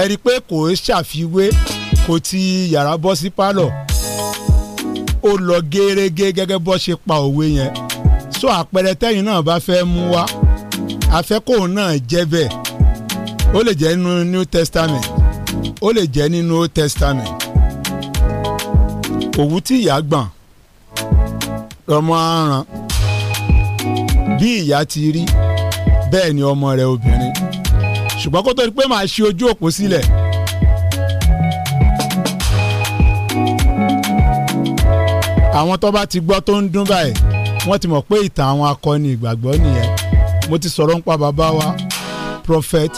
ẹ rí i pé kò ṣàfiwé kò ti yàrá bọ́ sí pálọ̀ ó lọ gẹ́rẹ́gẹ́ gẹ́gẹ́ bọ́ ṣe pa òwe yẹn so àpẹẹrẹ tẹ́yìn náà bá fẹ́ mú wá afẹ́kọ̀ọ́ náà jẹ́ bẹ́ẹ̀ ó lè jẹ́ nínú New Testament ó lè jẹ́ nínú Old Testament òwú tí ìyá gbọ̀n ọmọ aràn bí ìyá ti rí bẹ́ẹ̀ ni ọmọ rẹ̀ obìnrin ṣùgbọ́n kó tó di pé màá ṣe ojú òpó sílẹ̀. àwọn tó bá ti gbọ́ tó ń dún báyìí wọ́n ti mọ̀ pé ìtàn àwọn akọni ìgbàgbọ́ nìyẹn mo ti sọ̀rọ̀ ń pa bàbá wa prophet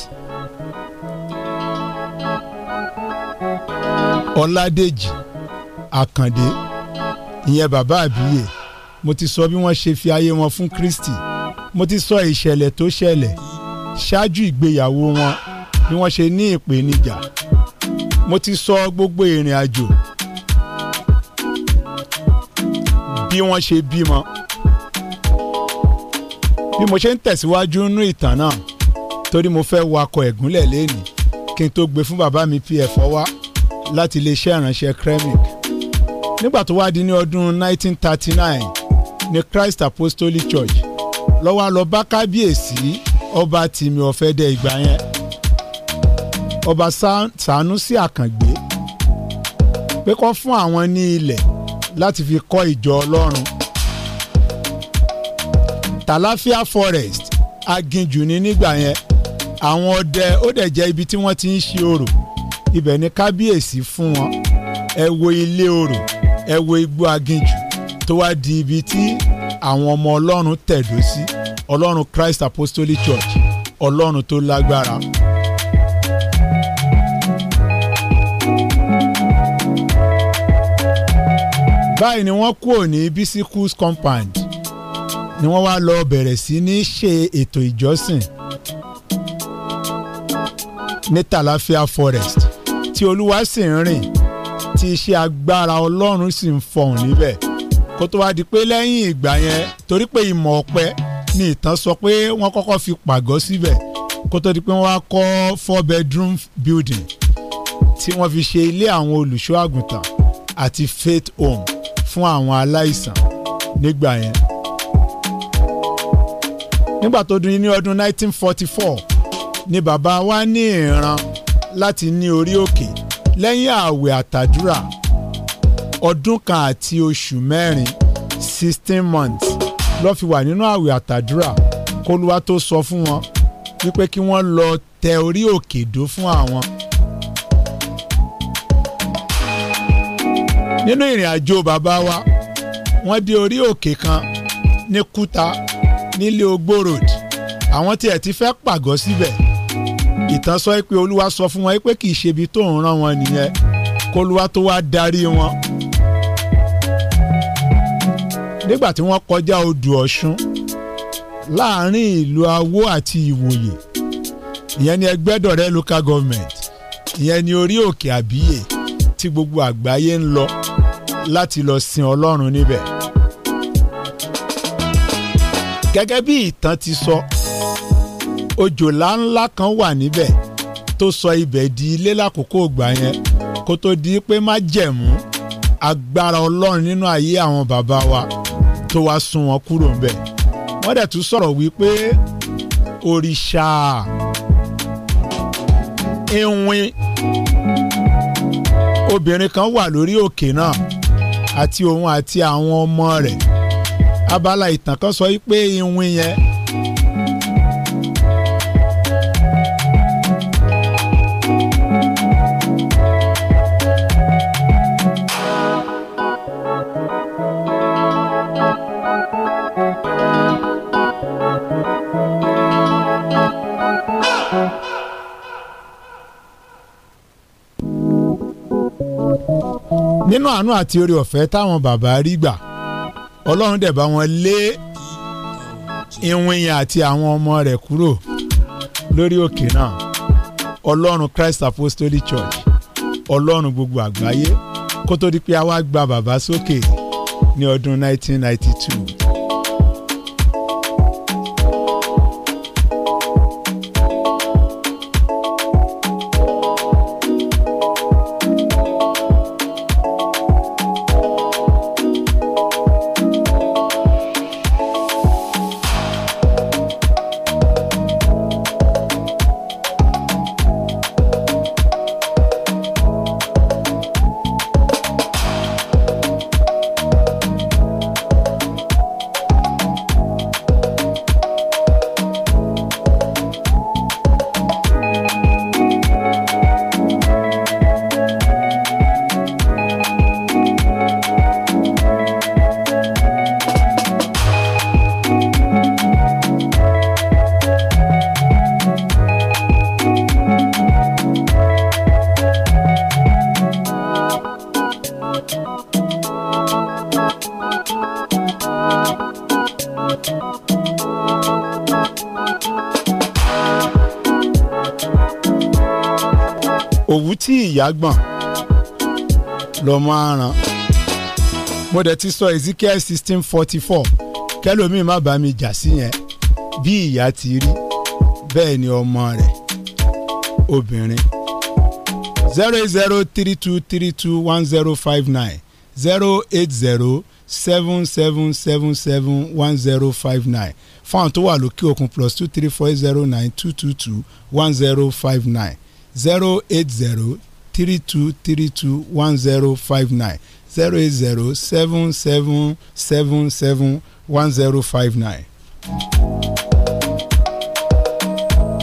ọládèjì àkàndé ìyẹn bàbá àbíyè mo ti sọ bí wọ́n ṣe fi ayé wọn fún kristi mo ti sọ ìṣẹ̀lẹ̀ tó ṣẹlẹ̀ ṣáájú ìgbéyàwó wọn bí wọ́n ṣe ní ìpèníjà mo ti sọ gbogbo ìrìn àjò bí wọ́n ṣe bímọ bí mo ṣe ń tẹ̀síwájú nínú ìtàn náà torí mo fẹ́ wakọ̀ ẹ̀gúnlẹ̀ lẹ́nìí kí n tó gbé fún bàbá mi pf ọwá láti iléeṣẹ́ ìránṣẹ́ kremik nígbà tó wá di ní ọdún 1939 ní Christ Apostolic Church lọ́wọ́ lọ bá kábíyèsí ọba tìmí ọ̀fẹ́dẹ ìgbà yẹn ọba Sànúsì Àkàngbé pé kó fún àwọn ní ilẹ̀ láti fi kọ́ ìjọ Ọlọ́run Tàlàfíà Forest aginjù ni nígbà yẹn àwọn ọdẹ ó dẹ̀ jẹ́ ibi tí wọ́n ti ń ṣe orò ibẹ̀ ni kábíyèsí fún wọn ẹ wo ilé orò ẹ wo igbó aginjù tó wá di ibi tí àwọn ọmọ Ọlọ́run tẹ̀dó sí. Si ọlọ́run Christ Apostolic Church ọlọ́run tó lágbára. báyìí ni wọ́n kúrò ní Bisi compound ni wọ́n wá lọ bẹ̀rẹ̀ sí ní ṣe ètò ìjọsìn ní Tàlàfíà Forest tí olúwa sì ń rìn tí iṣẹ́ agbára ọlọ́run sì ń fọhùn níbẹ̀ kó tó wá di pé lẹ́yìn ìgbà yẹn torí pé ìmọ̀ ọ̀pẹ ni ìtàn sọ pé wọ́n kọ́kọ́ fi pàgọ́ síbẹ̀ kó tó di pé wọ́n á kọ́ four bedroom building tí wọ́n fi ṣe ilé àwọn olùṣọ́ àgùntàn àti faith home fún àwọn aláìsàn nígbà yẹn. nígbà tó dún ní ọdún 1944 ni bàbá wa ní ìran láti ní orí òkè lẹ́yìn ààwẹ̀ àtàdúrà ọdún kan àti oṣù mẹ́rin sixteen months lọ́ọ́ fi wà nínú àwẹ̀ àtàdúrà kólúwa tó sọ fún wọn wípé kí wọ́n lọ tẹ orí òkè dó fún àwọn. nínú ìrìn àjò bàbá wa wọ́n dé orí òkè kan ní kúta nílé ogbó road àwọn tí ẹ̀ ti fẹ́ pàgọ́ síbẹ̀ ìtàn sọ pé olúwa sọ fún wọn pé kì í ṣe ibi tó ń rán wọn nìyẹn kólúwa tó wá darí wọn nígbà tí wọ́n kọjá odò ọ̀ṣun láàrin ìlú awó àti ìwòye ìyẹn ni ẹgbẹ́dọ̀rẹ́ local government ìyẹn ni orí òkè àbíyè tí gbogbo àgbáyé ń lọ láti lọ sin ọlọ́run níbẹ̀. gẹ́gẹ́ bí ìtàn ti sọ òjòlá ńlá kan wà níbẹ̀ tó sọ ibẹ̀ di ilé lákòókò ìgbà yẹn kó tó di pé má jẹ̀mú agbára ọlọ́run nínú ayé àwọn bàbá wa tó wá sun wọn kúrò ń bẹ̀ wọ́n dẹ̀ tún sọ̀rọ̀ wípé òrìṣà ìwìn obìnrin kan wà lórí òkè náà àti òun àti àwọn ọmọ rẹ̀ abala ìtàn kan sọ wípé ìwìn yẹn nínú àánú àti oore ọ̀fẹ́ táwọn bàbá rí gbà ọlọ́run dẹ̀ bá wọn lé ìwìnyàn àti àwọn ọmọ rẹ̀ kúrò lórí òkè náà ọlọ́run Christ Apostolic Church ọlọ́run gbogbo àgbáyé kó tó di pé a wá gba bàbá sókè ní ọdún 1992. gbọ̀n lọ́mọ aràn mo dẹ̀ ti sọ Ezekiel sixteen forty four kẹlòmíì má bá mi jà sí yẹn bí ìyá ti rí bẹ́ẹ̀ ni ọmọ rẹ̀ obìnrin zero eight zero three two three two one zero five nine zero eight zero seven seven seven seven one zero five nine fáwọn tó wà lókè òkun plus two three four zero nine two two two one zero five nine zero eight zero three two three two one zero five nine zero eight zero seven seven seven seven one zero five nine.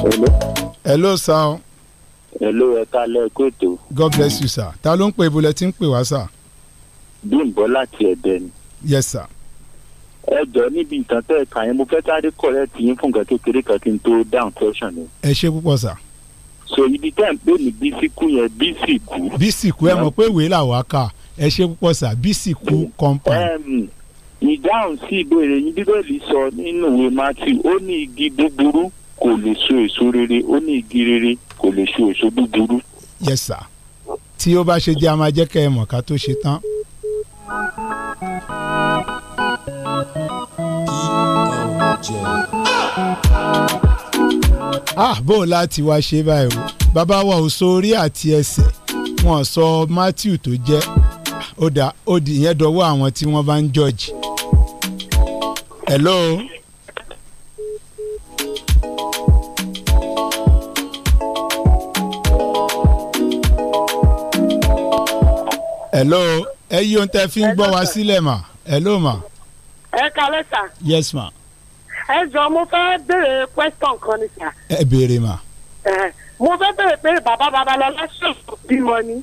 hello. hello sir. hello ẹ kálẹ̀ kó ètò. god bless you sir. ta ló ń pè ibo lẹ ti ń pè wá sir. bímbọ́ láti ẹ̀dẹ̀ ni. yes sir. ẹ jọ níbi ìtàn tẹ́ ẹ̀ka yẹn mo fẹ́ sáré kọ̀ ẹ́ tì í fún nǹkan kékeré kan kí n tó dáhùn question ni. ẹ ṣe púpọ̀ sir so ibi tẹ́ ń pè ní bísíkù yẹn bísíkù. bísíkù ẹ mọ̀ pé ìwé làwọn kà ẹ ṣe púpọ̀ sà bísíkù mm. compound. ìdáhùn sí ìbéèrè yín bíbélì sọ nínú ìwé matthew ó ní igi búburú kò lè so èso rere ó ní igi rere kò lè so èso búburú. yes sir tí ó bá ṣe jẹ́ a máa jẹ́ kẹ́ ẹ mọ̀ ká tó ṣe tán. kí ah láti wá ṣe báyìí o bàbá wa ò sọ orí àti ẹsẹ̀ wọn sọ Matthew tó jẹ́ ó dà ó di ìyẹn dọwọ́ àwọn tí wọ́n bá ń jọ́ọ̀jì. hello. hello ohun tẹ́ fi ń gbọ́ wa sílẹ̀ mà hello mà. ẹ kalẹ́ sà. yes ma ẹ jọ mo fẹ́ béèrè question kan ni sà. ẹ béèrè mà. mo fẹ́ béèrè pé bàbá babalọlá ṣòfò bímọ ni.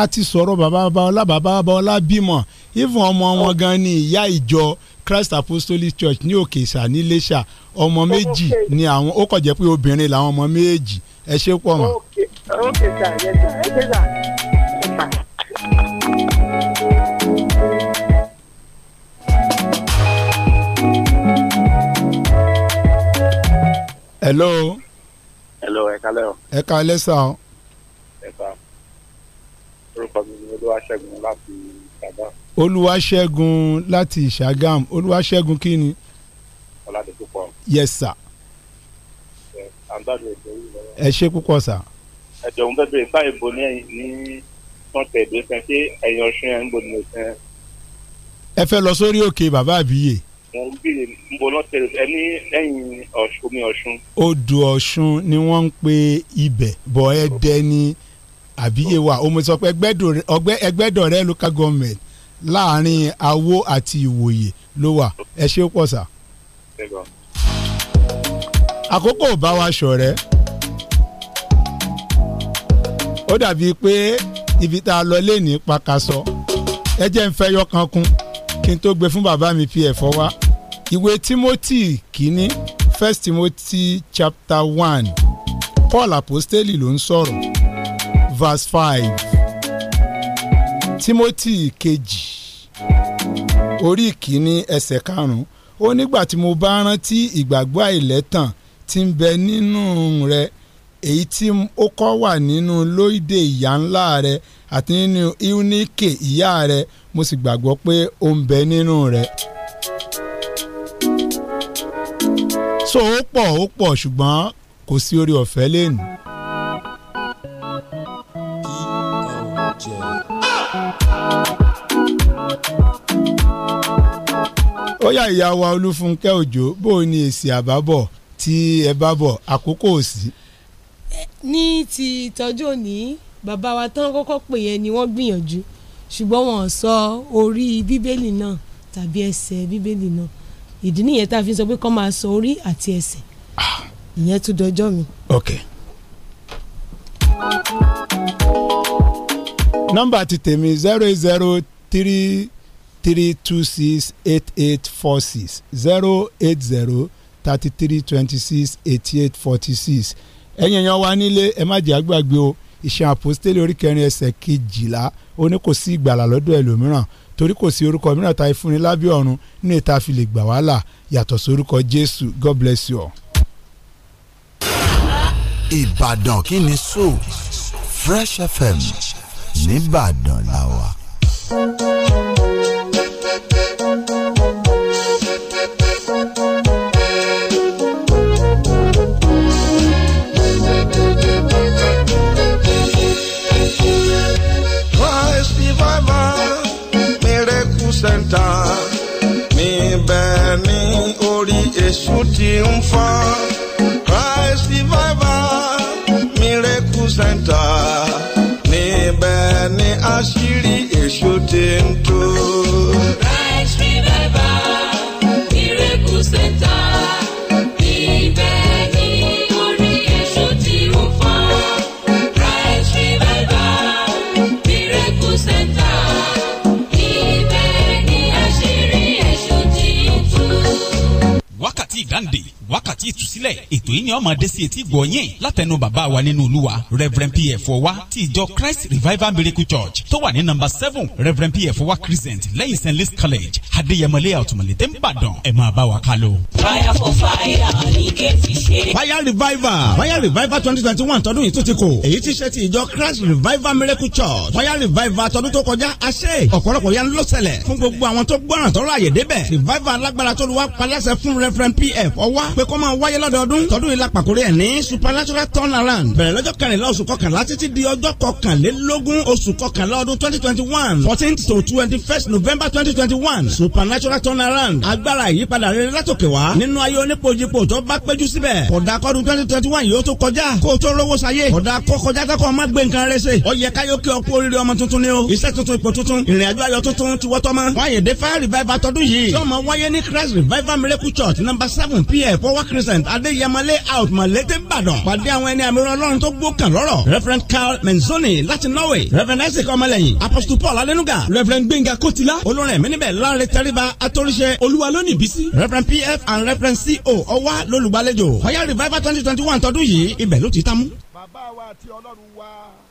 a ti sọ̀rọ̀ bàbá babalọlá bàbá babalọlá bímọ even ọmọ wọn gan ni ìyá ìjọ Christ Apostolic Church ní òkè ìsà ní Iléṣà ọmọ méjì ni àwọn ó kọ̀ jẹ́ pé obìnrin làwọn ọmọ méjì ẹ ṣe pọ̀ mọ́. thank you hello. hello ẹ kalẹ́ o. ẹ kalẹ́ sà o. ẹ sà orúkọ mi ni olúwaṣẹ́gun láti Ìṣàgàm. olúwaṣẹ́gun láti Ìṣàgàm olúwaṣẹ́gun kí ni. ọ̀làdẹ́kùpọ̀. yes sir. ẹ ṣe púpọ̀ sà. ẹ jọ̀wọ́n bẹ́ẹ̀ bẹ́ẹ̀ báyìí bo ní tọ́tẹ̀ ìdókè ṣé ẹ̀yàn ọ̀ṣun ẹ̀ ń gbòdìmọ̀ sẹ́yìn. ẹ fẹ́ lọ sórí òkè bàbá àbíyè mo ń bèrè mo lọ tẹ̀lé ẹ ní ẹ̀yìn odò ọ̀ṣun ni wọ́n ń pe ibẹ̀ bọ̀ ẹdẹ ni àbí yewa omi sọ pé ẹgbẹ́dọ̀ rẹ local government láàrin awo àti ìwòye ló wà ẹ ṣe pọ̀ sà. àkókò bá wa ṣọ̀rẹ́ ó dàbí pé ibi tá a lọ lé ní pakasọ ẹ jẹ́ ń fẹ́ yọ kan kún kí n tó gbé fún bàbá mi pf wá ìwé timothy kínní first timothy chapter one paul apostoli ló ń sọ̀rọ̀ verse five timothy kejì orí kínní ẹsẹ̀ karùn-ún ó nígbà tí mo bá rántí ìgbàgbọ́ àìlẹ́tàn tí ń bẹ nínú rẹ èyí tí ó kọ́ wà nínú lóìdè ìyá ńlá rẹ àti nínú eunike ìyá rẹ mo sì gbàgbọ́ pé ó ń bẹ nínú rẹ̀. so ó pọ̀ ó pọ̀ ṣùgbọ́n kò sí orí ọ̀fẹ́ lẹ́nu. ó yá ìyá wa olúfúnkẹ́ òjò bó o ní èsì àbábọ̀ tí ẹ bá bọ̀ àkókò sí. ní ti ìtọ́jú òní bàbá wa tán kọ́kọ́ pè yẹn ni wọ́n gbìyànjú ṣùgbọ́n wọn sọ orí bíbélì náà tàbí ẹsẹ̀ bíbélì náà ìdí nìyẹn tá a fi sọ pé kọ́ máa sọ orí àti ẹsẹ̀ ìyẹn tún dọjọ́ mi. okay. nọ́mbà ti tèmi zero eight zero three three two six eight eight four six zero eight zero thirty three twenty six eighty eight forty six ẹ̀yin èèyàn wa nílé ẹ má jẹ́ àgbàgbé o iṣẹ́ àpòstélé orí kẹrin ẹsẹ̀ kejìlá ó ní kò sí ìgbàlà lọ́dọ̀ ẹlòmíràn torí kò sí orúkọ mìíràn tá a fúnni lábẹ́ ọ̀run ní ìta fi lè gbà wàhálà yàtọ̀ sí orúkọ Jésù God bless you all. Ìbàdàn kí ni so Fresh FM nìbàdàn làwà. thank you triunfa, la estivava, mi recusenta, ni bene ashiri esciutento. Christ, revival, miracles recusenta. Haji wákàtí ìtúsílẹ̀ ètò yìí ni ó máa dé sí etí látẹnu bàbá wa nínú olúwa reverend pf wa ti ìjọ christ revival miracle church tó wà ní nọ́mbà seven reverend pf wa crescent lẹ́yìn st louis college adéyẹmọlẹ́ àtùmọ̀lété ńbàdàn ẹ máa bá wa ká lọ. fire for fire ní kéèfì ṣe. fire revival fire revival twenty twenty one tọdún yìí tún ti kò èyí ti ṣe ti ìjọ christ revival miracle church fire revival tọdún tó kọjá àṣẹ ọ̀pọ̀lọpọ̀ yẹn ló ṣẹlẹ̀ fún gbogbo àwọn tó gbọ́ràn tọ́lọ́ revival alágbára tó lu wá paláṣẹ reverend pf ọwá p pé kó máa wáyé lọ́dọọdún tọdún ìlà pàkórí ẹ̀ ní supernatural turnaround bẹ̀rẹ̀ lọ́jọ́ kẹrìnlá oṣù kọkànlá títí di ọjọ́ kọkànlélógún oṣù kọkànlá ọdún twenty twenty one fourteenth to twenty first november twenty twenty one supernatural turnaround agbára ìyípadà rere látòkè wá nínú ayé onípojípo tó bá péjú síbẹ̀ kódà kọ́dún twenty twenty one yóò tó kọjá kó tó rówó sayé kódà kó kọjá tó kọ́ ọmọ gbé nǹkan rẹ̀ ṣe ó yẹ ọkú oríire ọmọ tuntun ni o iṣẹ́ tuntun ipò tuntun ìrìn àjò ayọ̀ tuntun ti wọ́tọ́ mọ́ wáyé defa revival tọdún yìí tí ọmọ wáyé ní christ revival miracle church number seven pf Àkọ́wá Crescent Adéyẹmọlé out Mọ̀lété Ìbàdàn. Pàdé àwọn ẹni àmì ọlọ́run tó gbókàn lọ́rọ̀. Reverend Carl Menzoni láti Norway. Reverend Isaac Ọmọlẹ́yìn. Apostle Paul Alenuga. Reverend Gbẹ̀ngà Kotila. Olórin ẹ̀mí níbẹ̀ Láre Tẹ́ríba Atóríṣẹ́. Olúwa lónìí bísí. Reverend PF and Reverend CO Ọwá lólùgbàlejò. Ọ̀yá Revival twenty twenty one tọdún yìí ibẹ̀ ló ti támú. Bàbá wa àti Ọlọ́run wa.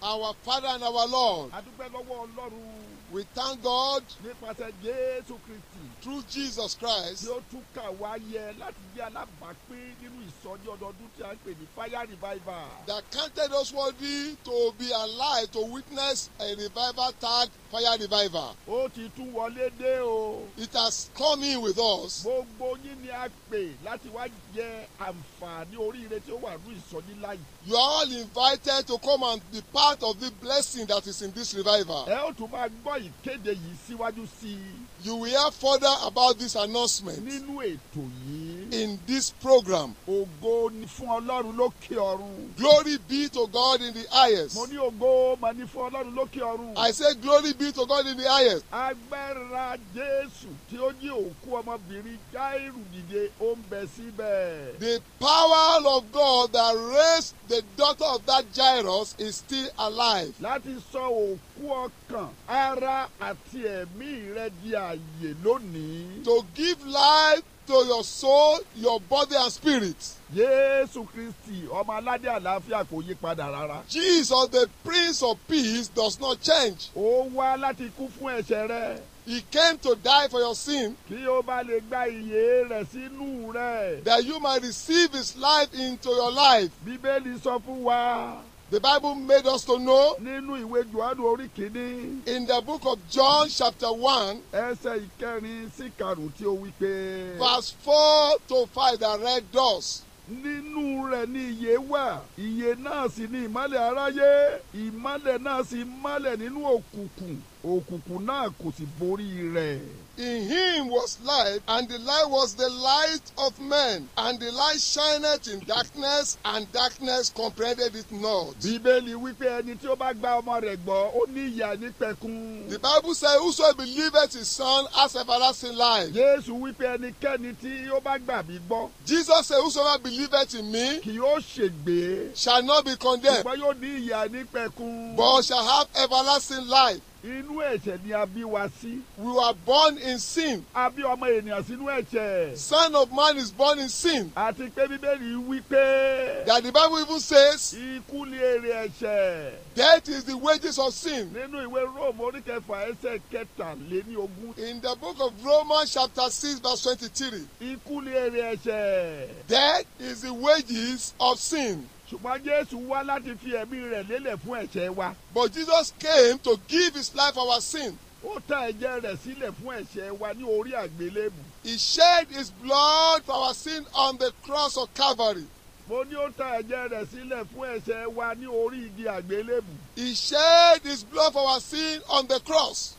Our Father and our Lord. A lọ́wọ́ Ọlọ́run. We thank God. Nípasẹ̀ Jésù Kristi through Jesus Christ. Yóò tún kà wá yẹ láti jẹ́ alábàápín nínú ìsọjí ọdọọdún tí a ń pè ní fire revival. That counted us worthy to be alive to witness a revival tag fire revival. Ó ti tún wọlé dé o. It has come in with us. Gbogbo yín ni a pè láti wá jẹ àǹfààní oríire tí ó wà ní ìsọjí láyé. You are all invited to come and be part of the blessing that is in this revival. Ẹ ó tún máa gbọ́ ìkéde yìí síwájú sí i. You will hear further about this announcement. Nínú ètò yìí. In this program. Ògo ni fún Ọlọ́run lókè ọ̀run. Glory be to God in the highest. Mo ní ògo mà ní fún Ọlọ́run lókè ọ̀run. I say glory be to God in the highest. Agbára Jésù tí ó jí òkú ọmọbìnrin Jáírù dìde ó ń bẹ síbẹ̀. The power of God that raised the daughter of that Jairus is still alive. Láti sọ òkú ọkọ ọkàn ara àti ẹ̀mí rẹ di ààyè lónìí. to give life to your soul your body and spirit. Jésù Kristi ọmọ aládé àlàáfíà kò yí padà rárá. Jesus the Prince of Peace does not change. Ó wá láti kú fún ẹ̀ṣẹ̀ rẹ. He came to die for your sin. Kí o bá lè gba ìyè rẹ̀ sínú rẹ̀. That you might receive his life into your life. Bíbélì sọ fún wa. The Bible made us to know. Nínú ìwé Jòhánù orí kìíní. In the book of John chapter one. Ẹsẹ̀ ìkẹrin sí karùn-ún tí ó wí pé. Verse four to five that red thus. Nínú rẹ̀ ni ìyè wà, ìyè náà sì ni ìmọ́lẹ̀ aráyé, ìmọ́lẹ̀ náà sì mọ́lẹ̀ nínú òkùnkùn, òkùnkùn náà kò sì borí rẹ̀. In him was life, and the life was the light of men. And the light shineth in darkness, and darkness comprehended it not. Bíbélì wípé ẹni tí ó bá gba ọmọ rẹ̀ gbọ́, ó ní ìyà ní pẹ̀kun. The Bible says, Whoso believeth his son has everlasting life. Jésù wípé ẹnikẹ́ni tí ó bá gbà mí gbọ́. Jesus said, Whosoever believeth in me. Kì yóò ṣègbé. Shall not be condemned. Ṣùgbọ́n yóò ní ìyà ní pẹ̀kun. But shall have everlasting life. Inú ẹ̀ṣẹ̀ ni a bí wa sí. We were born in sin. A bí ọmọ ènìyàn sínú ẹ̀ṣẹ̀. Son of man is born in sin. Àti pé Bíbélì wí pé. That the Bible even says. Ikú ni èrè ẹ̀ṣẹ̀. Death is the wages of sin. Nínú ìwé Rome orí kẹfà kẹtàléní ogún. In the book of Romans chapter six verse twenty-three. Ikú ni èrè ẹ̀ṣẹ̀. Death is the wages of sin ṣùgbọ́n jésù wá láti fi ẹ̀mí rẹ̀ lélẹ̀ fún ẹ̀ṣẹ̀ wa. but Jesus came to give his life for our sin. ó ta ẹ̀jẹ̀ rẹ̀ sílẹ̀ fún ẹ̀ṣẹ̀ wa ní orí àgbélébù. he shed his blood for our sin on the cross of Calvary. mo ní ó ta ẹ̀jẹ̀ rẹ̀ sílẹ̀ fún ẹ̀ṣẹ̀ wa ní orí igi àgbélébù. he shed his blood for our sin on the cross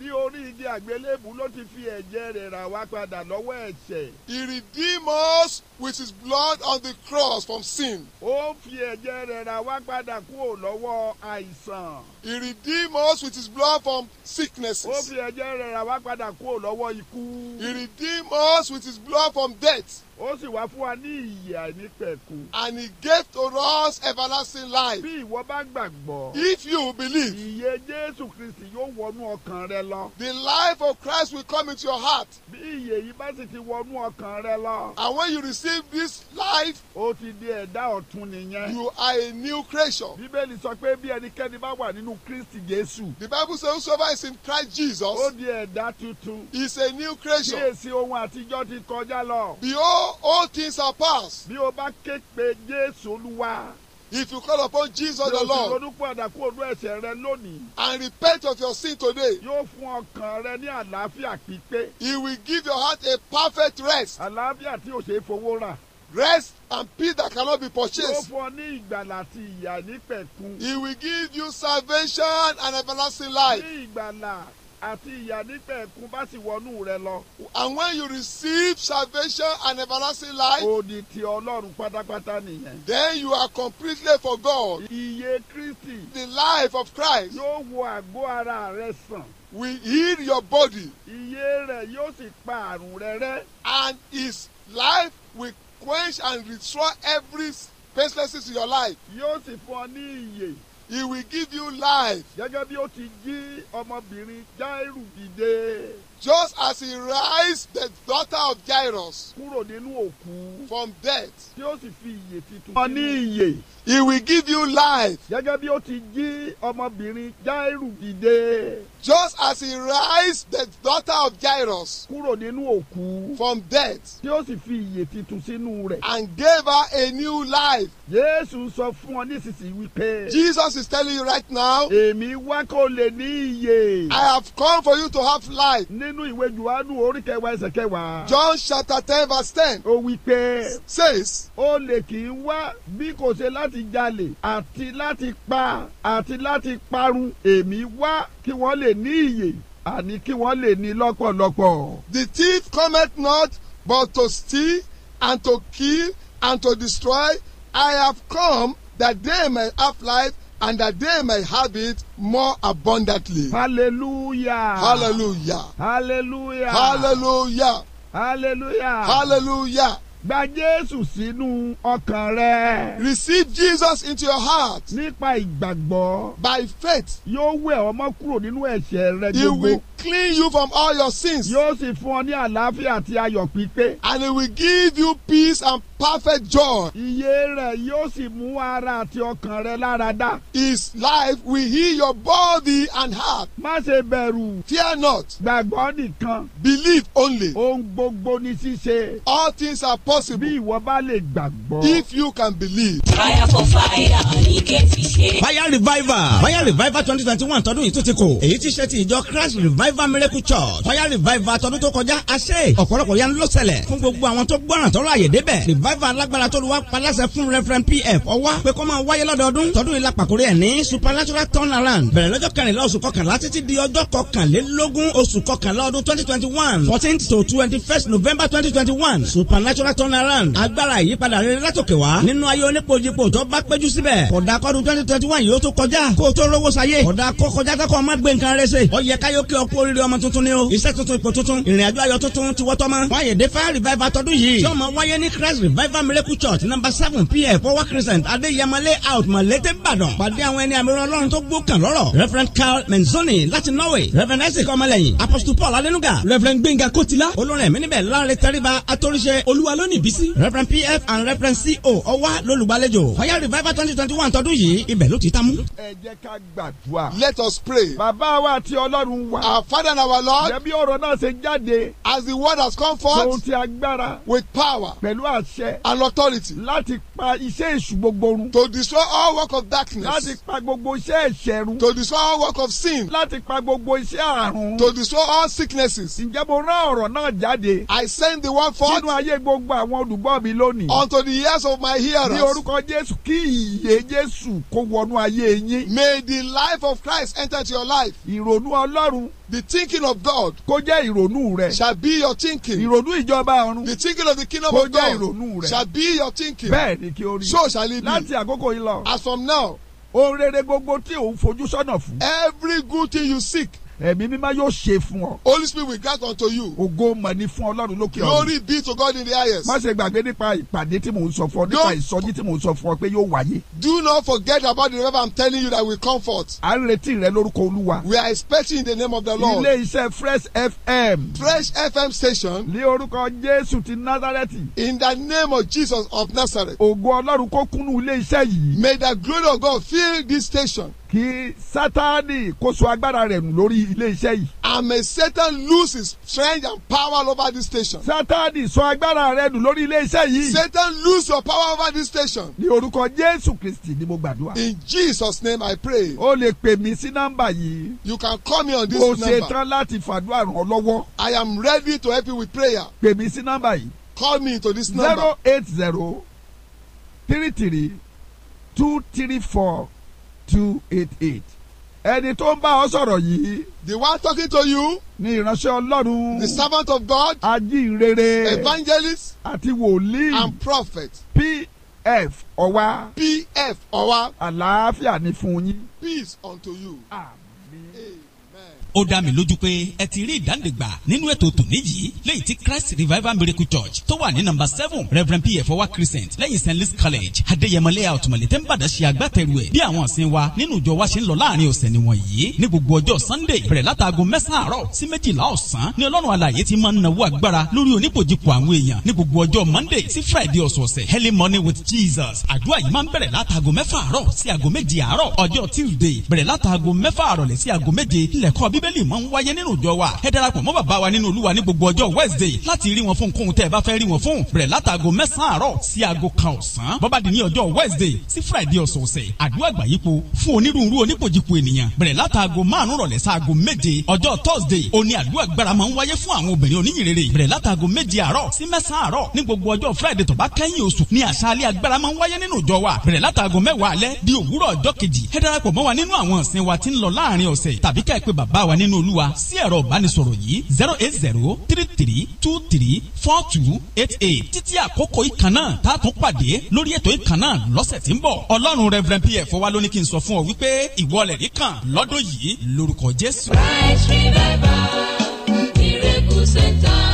ní orí igi àgbélébù ló ti fi ẹ̀jẹ̀ rẹ̀ rà wá padà lọ́wọ́ ẹ̀ṣẹ̀. He redeemed us with his blood on the cross from sin. Ó fi ẹ̀jẹ̀ rẹ̀ rà wá padà kúrò lọ́wọ́ àìsàn. He redeemed us with his blood from sicknesses. Ó fi ẹ̀jẹ̀ rẹ̀ rà wá padà kúrò lọ́wọ́ ikú. He redeemed us with his blood from death ó sì wá fún wa ní ìyè àìnípẹ̀kun. and he gave to us everlasting life. bí ìwọ bá gbàgbọ́. if you believe. ìyè Jésù Kristi yóò wọnú ọkàn rẹ lọ. the life of Christ will come into your heart. bí ìyè yìí bá sì ti wọnú ọkàn rẹ lọ. and when you receive this life. o ti di ẹ̀dá ọ̀tun nìyẹn. you are a new creation. bíbélì sọ pé bí ẹnikẹ́ni bá wà nínú Kristi Jésù. the bible says whosoever is in Christ Jesus. ó di ẹ̀dá tuntun. he is a new creation. kí èsì ohun àtijọ́ ti kọjá lọ. behold all things are past. bí o bá ké pe Jésù Olúwa. If you call upon Jesus the Lord. Lọ́dún padà kú òdu ẹ̀ṣẹ̀ rẹ lónìí. And repent of your sin today. Yóò fún ọkàn rẹ ní àlàáfíà pípé. He will give your heart a perfect rest. Àlàáfíà tí o ṣe fowó rà. Rest and peace that cannot be purchased. Yóò fún ọ ní ìgbàlà àti ìyà nípẹ̀kun. He will give you salvation and everlasting life. Ní ìgbàlà àti ìyà nígbẹ̀kún bá sì wọnú rẹ lọ. and when you receive salvation and everlasting life. ó ti Ọlọ́run pátápátá nìyẹn. then you are completely for God. iye Kristi. the life of Christ. yóò wo àgọ́ ara rẹ sàn. will heal your body. iye rẹ̀ yóò sì pa àrùn rẹ rẹ́. and his life will quench and restore every pestilences in your life. yóò sì fún ní ìyè he will give you life. gẹ́gẹ́ bí ó ti jí ọmọbìnrin Jáírù dìde just as he raised the daughter of Jairus. kúrò nínú òkú. from death. tí ó sì fi ìyè tuntun. wọ́n ní ìyè. he will give you life. gẹ́gẹ́ bí ó ti jí ọmọbìnrin Jairu dìde. just as he raised the daughter of Jairus. kúrò nínú òkú. from death. tí ó sì fi ìyè tuntun sínú rẹ̀. and gave her a new life. Jésù sọ fún ọ nísinsìnyí wípé. Jesus is telling you right now. èmi wá kó lè ní ìyè. I have come for you to have life nínú ìwé Jòhánù orí kẹwàá ẹsẹ̀ kẹwàá. John chapter ten verse ten. ó wí pé. says. olè kì í wá bí kò ṣe láti jalè àti láti pa àti láti parun èmi wá kí wọ́n lè ní ìyè àní kí wọ́n lè ní lọ́pọ̀lọpọ̀. the thief cometh not but to steal and to kill and to destroy I have come that they may have life and that they may have it more abundantly. Hallelujah. Hallelujah. Hallelujah. Hallelujah. Hallelujah. Hallelujah. Gba Jésù sínú ọkàn rẹ. Receive Jesus into your heart. Nípa ìgbàgbọ́. By faith. Yóò wẹ̀ ọmọ kúrò nínú ẹ̀ṣẹ̀ rẹ gbogbo. He will clean you from all your sins. Yóò sì fún ọ ní àlàáfíà àti ayọ̀ pípé. And he will give you peace and perfect joy. Iye rẹ̀ yóò sì mú ara àti ọkàn rẹ lára dá. His life will heal your body and heart. Má ṣe bẹ̀rù. Fear not. Gbàgbọ́ nìkan. Believe only. Ohun gbogbo ni ṣíṣe. All things are possible. Bí ìwọ bá lè gbàgbọ́. If you can believe. Fire for fire ní kẹ́ẹ̀tì ṣe. Fire revival Fire revival twenty twenty one tọdún yìí tún ti kò. Èyí ti ṣe ti ìjọ Christ revival revival miracle church fire revival tọdún tó kọjá àṣẹ ọ̀pọ̀lọpọ̀ yẹn ló ṣẹlẹ̀ fún gbogbo àwọn tó gbọ́ràn tọ́lọ́ àyè débẹ̀ revival alágbára tó lu wá paláṣẹ fún referent pf ọwá pé kó máa wáyé lọ́dọọdún tọdún ìlà pàkórí ẹ̀ ní supernatural turnaround bẹ̀rẹ̀ lọ́jọ́ kẹrìnlá oṣù kọkànlá títí di ọjọ́ kọkànlélógún oṣù kọkànlá ọdún twenty twenty one fourteen to twenty first november twenty twenty one supernatural turnaround agbára ìyípadà rere látòkè wá nínú ayé onípojípo tó bá péjú síbẹ̀ kódà kọ́dún twenty twenty one yóò tó kọjá kó tó rówó sayé kódà kó kọjá tó kọ́ ọ má gbé nǹkan rẹ̀ ṣe ọ yẹ káyọ̀ kí ọk kú oríire ọmọ tuntun ni o iṣẹ́ tuntun ipò tuntun ìrìn àjò ayọ̀ tuntun ti wọ́tọ́ mọ́. wáyéde fire revival tọdún yìí tí ó máa wáyé ní christ revival miracle church number seven pf power crescent adéyẹmọlé out mọ̀lété ìbàdàn pàdé àwọn ẹni àmì ọlọ́run tó gbó kàn lọ́rọ̀ reverend carl menzoni láti norway reverend isaac ọmọlẹ́yìn apostle paul alenuga reverend gbẹ̀ngà kotila olórin ẹ̀mí níbẹ̀ láre tẹ́ríba atóríṣe olúwa lónìí bísí reverend pf and reverend co ọwá lólùgbàlejò fire revival twenty twenty one tọdún yìí ibẹ̀ ló ti tá ẹ jẹ́ ká gbàdúrà let us pray. bàbá wa àti ọlọ́run wa father and our lord. jẹ́bi ọ̀rọ̀ náà ṣe jáde. as the word has come forth. lóhun ti agbára. with power. pẹ̀lú àṣẹ. and authority. láti pa iṣẹ́ èṣù gbogbo run. to destroy all work of darkness. láti pa gbogbo iṣẹ́ ẹ̀ṣẹ̀ run. to destroy all work of sin. láti pa gbogbo iṣẹ́ àrùn. to destroy all sicknesses. ǹjẹ́ mo rán ọ̀rọ̀ náà jáde. I send the word forth. sínú ayé gbogbo àwọn olùgbọ́ mi lónìí. unto the ears of my hearers. ní orúkọ Jésù kí ìyè Jésù kó wọnú ayé yín. may the life of Christ enter to your life. ìrònú Ọlọ́run The thinking of God. Kó jẹ́ ìrònú rẹ. Shall be your thinking. Ìrònú ìjọba ọ̀run. The thinking of the kingdom of God. Kó jẹ́ ìrònú rẹ. Shall be your thinking. Bẹ́ẹ̀ ni kí o rí. So shall it be. Láti àkókò yìí lọ. As from now. Ohun rere gbogbo tí òun fojú sọ́nà fún. Every good thing you seek ẹ̀mí mímá yóò ṣe fún ọ. holy spirit will grant unto you. ògo mà ní fún ọlọ́run lókè ọ̀run. glory be to God in the highest. má ṣe gbàgbé nípa ìpàdé tí mò ń sọ fún ọ nípa ìsọjí tí mò ń sọ fún ọ pé yóò wáyé. do not forget about the river I am telling you that will comfort. à ń retí rẹ lórúkọ olúwa. we are expecting in the name of the lord. ilé iṣẹ́ fresh fm. fresh fm station. ní orúkọ jésù ti nazareti. in the name of jesus of nazareth. ògo ọlọ́run kó kúnnú ilé iṣẹ́ yìí. may the glory of God fill this station kí sátani kóso agbára rẹ̀ nù lórí ilé iṣẹ́ yìí. and may Satan lose his strength and power over this station. sátani sọ agbára rẹ̀ nù lórí ilé yìí. Satan lose your power over this station. ní orúkọ Jésù Kristi ni mo gbàdúrà. in Jesus name I pray. o lè pè mí sí nọ́mbà yìí. you can call me on this number. mo ṣe tán láti fàdúrà ràn ọ́ lọ́wọ́. I am ready to help you with prayer. pè mí sí nọ́mbà yìí. call me to this number. zero eight zero three three two three four two eight eight ẹni tó ń bá ọ sọ̀rọ̀ yìí. the one talking to you. ni ìránṣẹ́ ọlọ́run. the servant of God. ajínrere. evangelist. àti wòlíì. and prophet. pf ọwa. pf ọwa. àlàáfíà ni fún yín. peace unto you. amen ó dá mi lójú pé ẹ ti rí ìdánidìgbà nínú ètò tòní yìí léyìí tí Christ Revival Miracle Church tó wà ní nàmbà seven Reverend P.F. Ọwá Crescent lẹ́yìn St. Louis College Adéyẹmọlẹ́ àtùmọ̀lẹ́ tẹ́ ń bàdá ṣe agbátẹrù ẹ̀ bí àwọn ọ̀sìn wa nínú ìjọ wa ṣe ń lọ láàrin ọ̀sẹ̀ nìwọ̀n yìí ní gbogbo ọjọ́ Sunday bẹ̀rẹ̀ látàgò mẹ́sàn-án àárọ̀ sí méjìlá ọ̀sán ni Ọlọ́run alààyè ti máa ń nawó agbára lórí oníbòjìpọ̀ àwọn èèyàn ní gbogbo ọjọ́ Monday sí Friday ọ̀sọ̀ọ̀sẹ̀ Holy Morning with Jesus àdúrà yìí máa ń bẹ̀rẹ̀ látàgò mẹ́fà àárọ̀ sí Tuesday bẹ̀rẹ̀ látàgò mẹ́fà àrọ̀lẹ́ sí àgò méje bíbélì máa ń wáyé nínú ìjọ wa ẹ darapọ̀ mọ́ bàbá wa nínú olúwa ní gbogbo ọjọ́ wednesday láti rí wọn fún kóhun tẹ́ ẹ bá fẹ́ rí wọn fún bẹ̀rẹ̀ látàgò mẹ́sàn-án àárọ̀ sí aago kan ọ̀sán bọ́bá di ní ọjọ́ wednesday sí friday ọ̀sọ̀ọ̀sẹ̀ àdúrà gbàyípo fún onírúurú oníkojìpo ènìyàn bẹ̀rẹ̀ látàgò márùn-ún rọ̀lẹ́ sáago méje ọjọ́ thursday òní àdúrà gbára máa ń wáyé fún àwọn obìnrin wà nínú olúwa sí ẹ̀rọ ìbánisọ̀rọ̀ yìí zero eight zero three three two three four two eight eight títí àkókò ìkan náà tá a tún pàdé lórí ètò ìkan náà lọ́sẹ̀ tí ń bọ̀ ọlọ́run reverend pf wa ló ní kí n sọ fún ọ wípé ìwọ lẹ̀ rí kan lọ́dún yìí lórúkọ jésù. christ revival miracle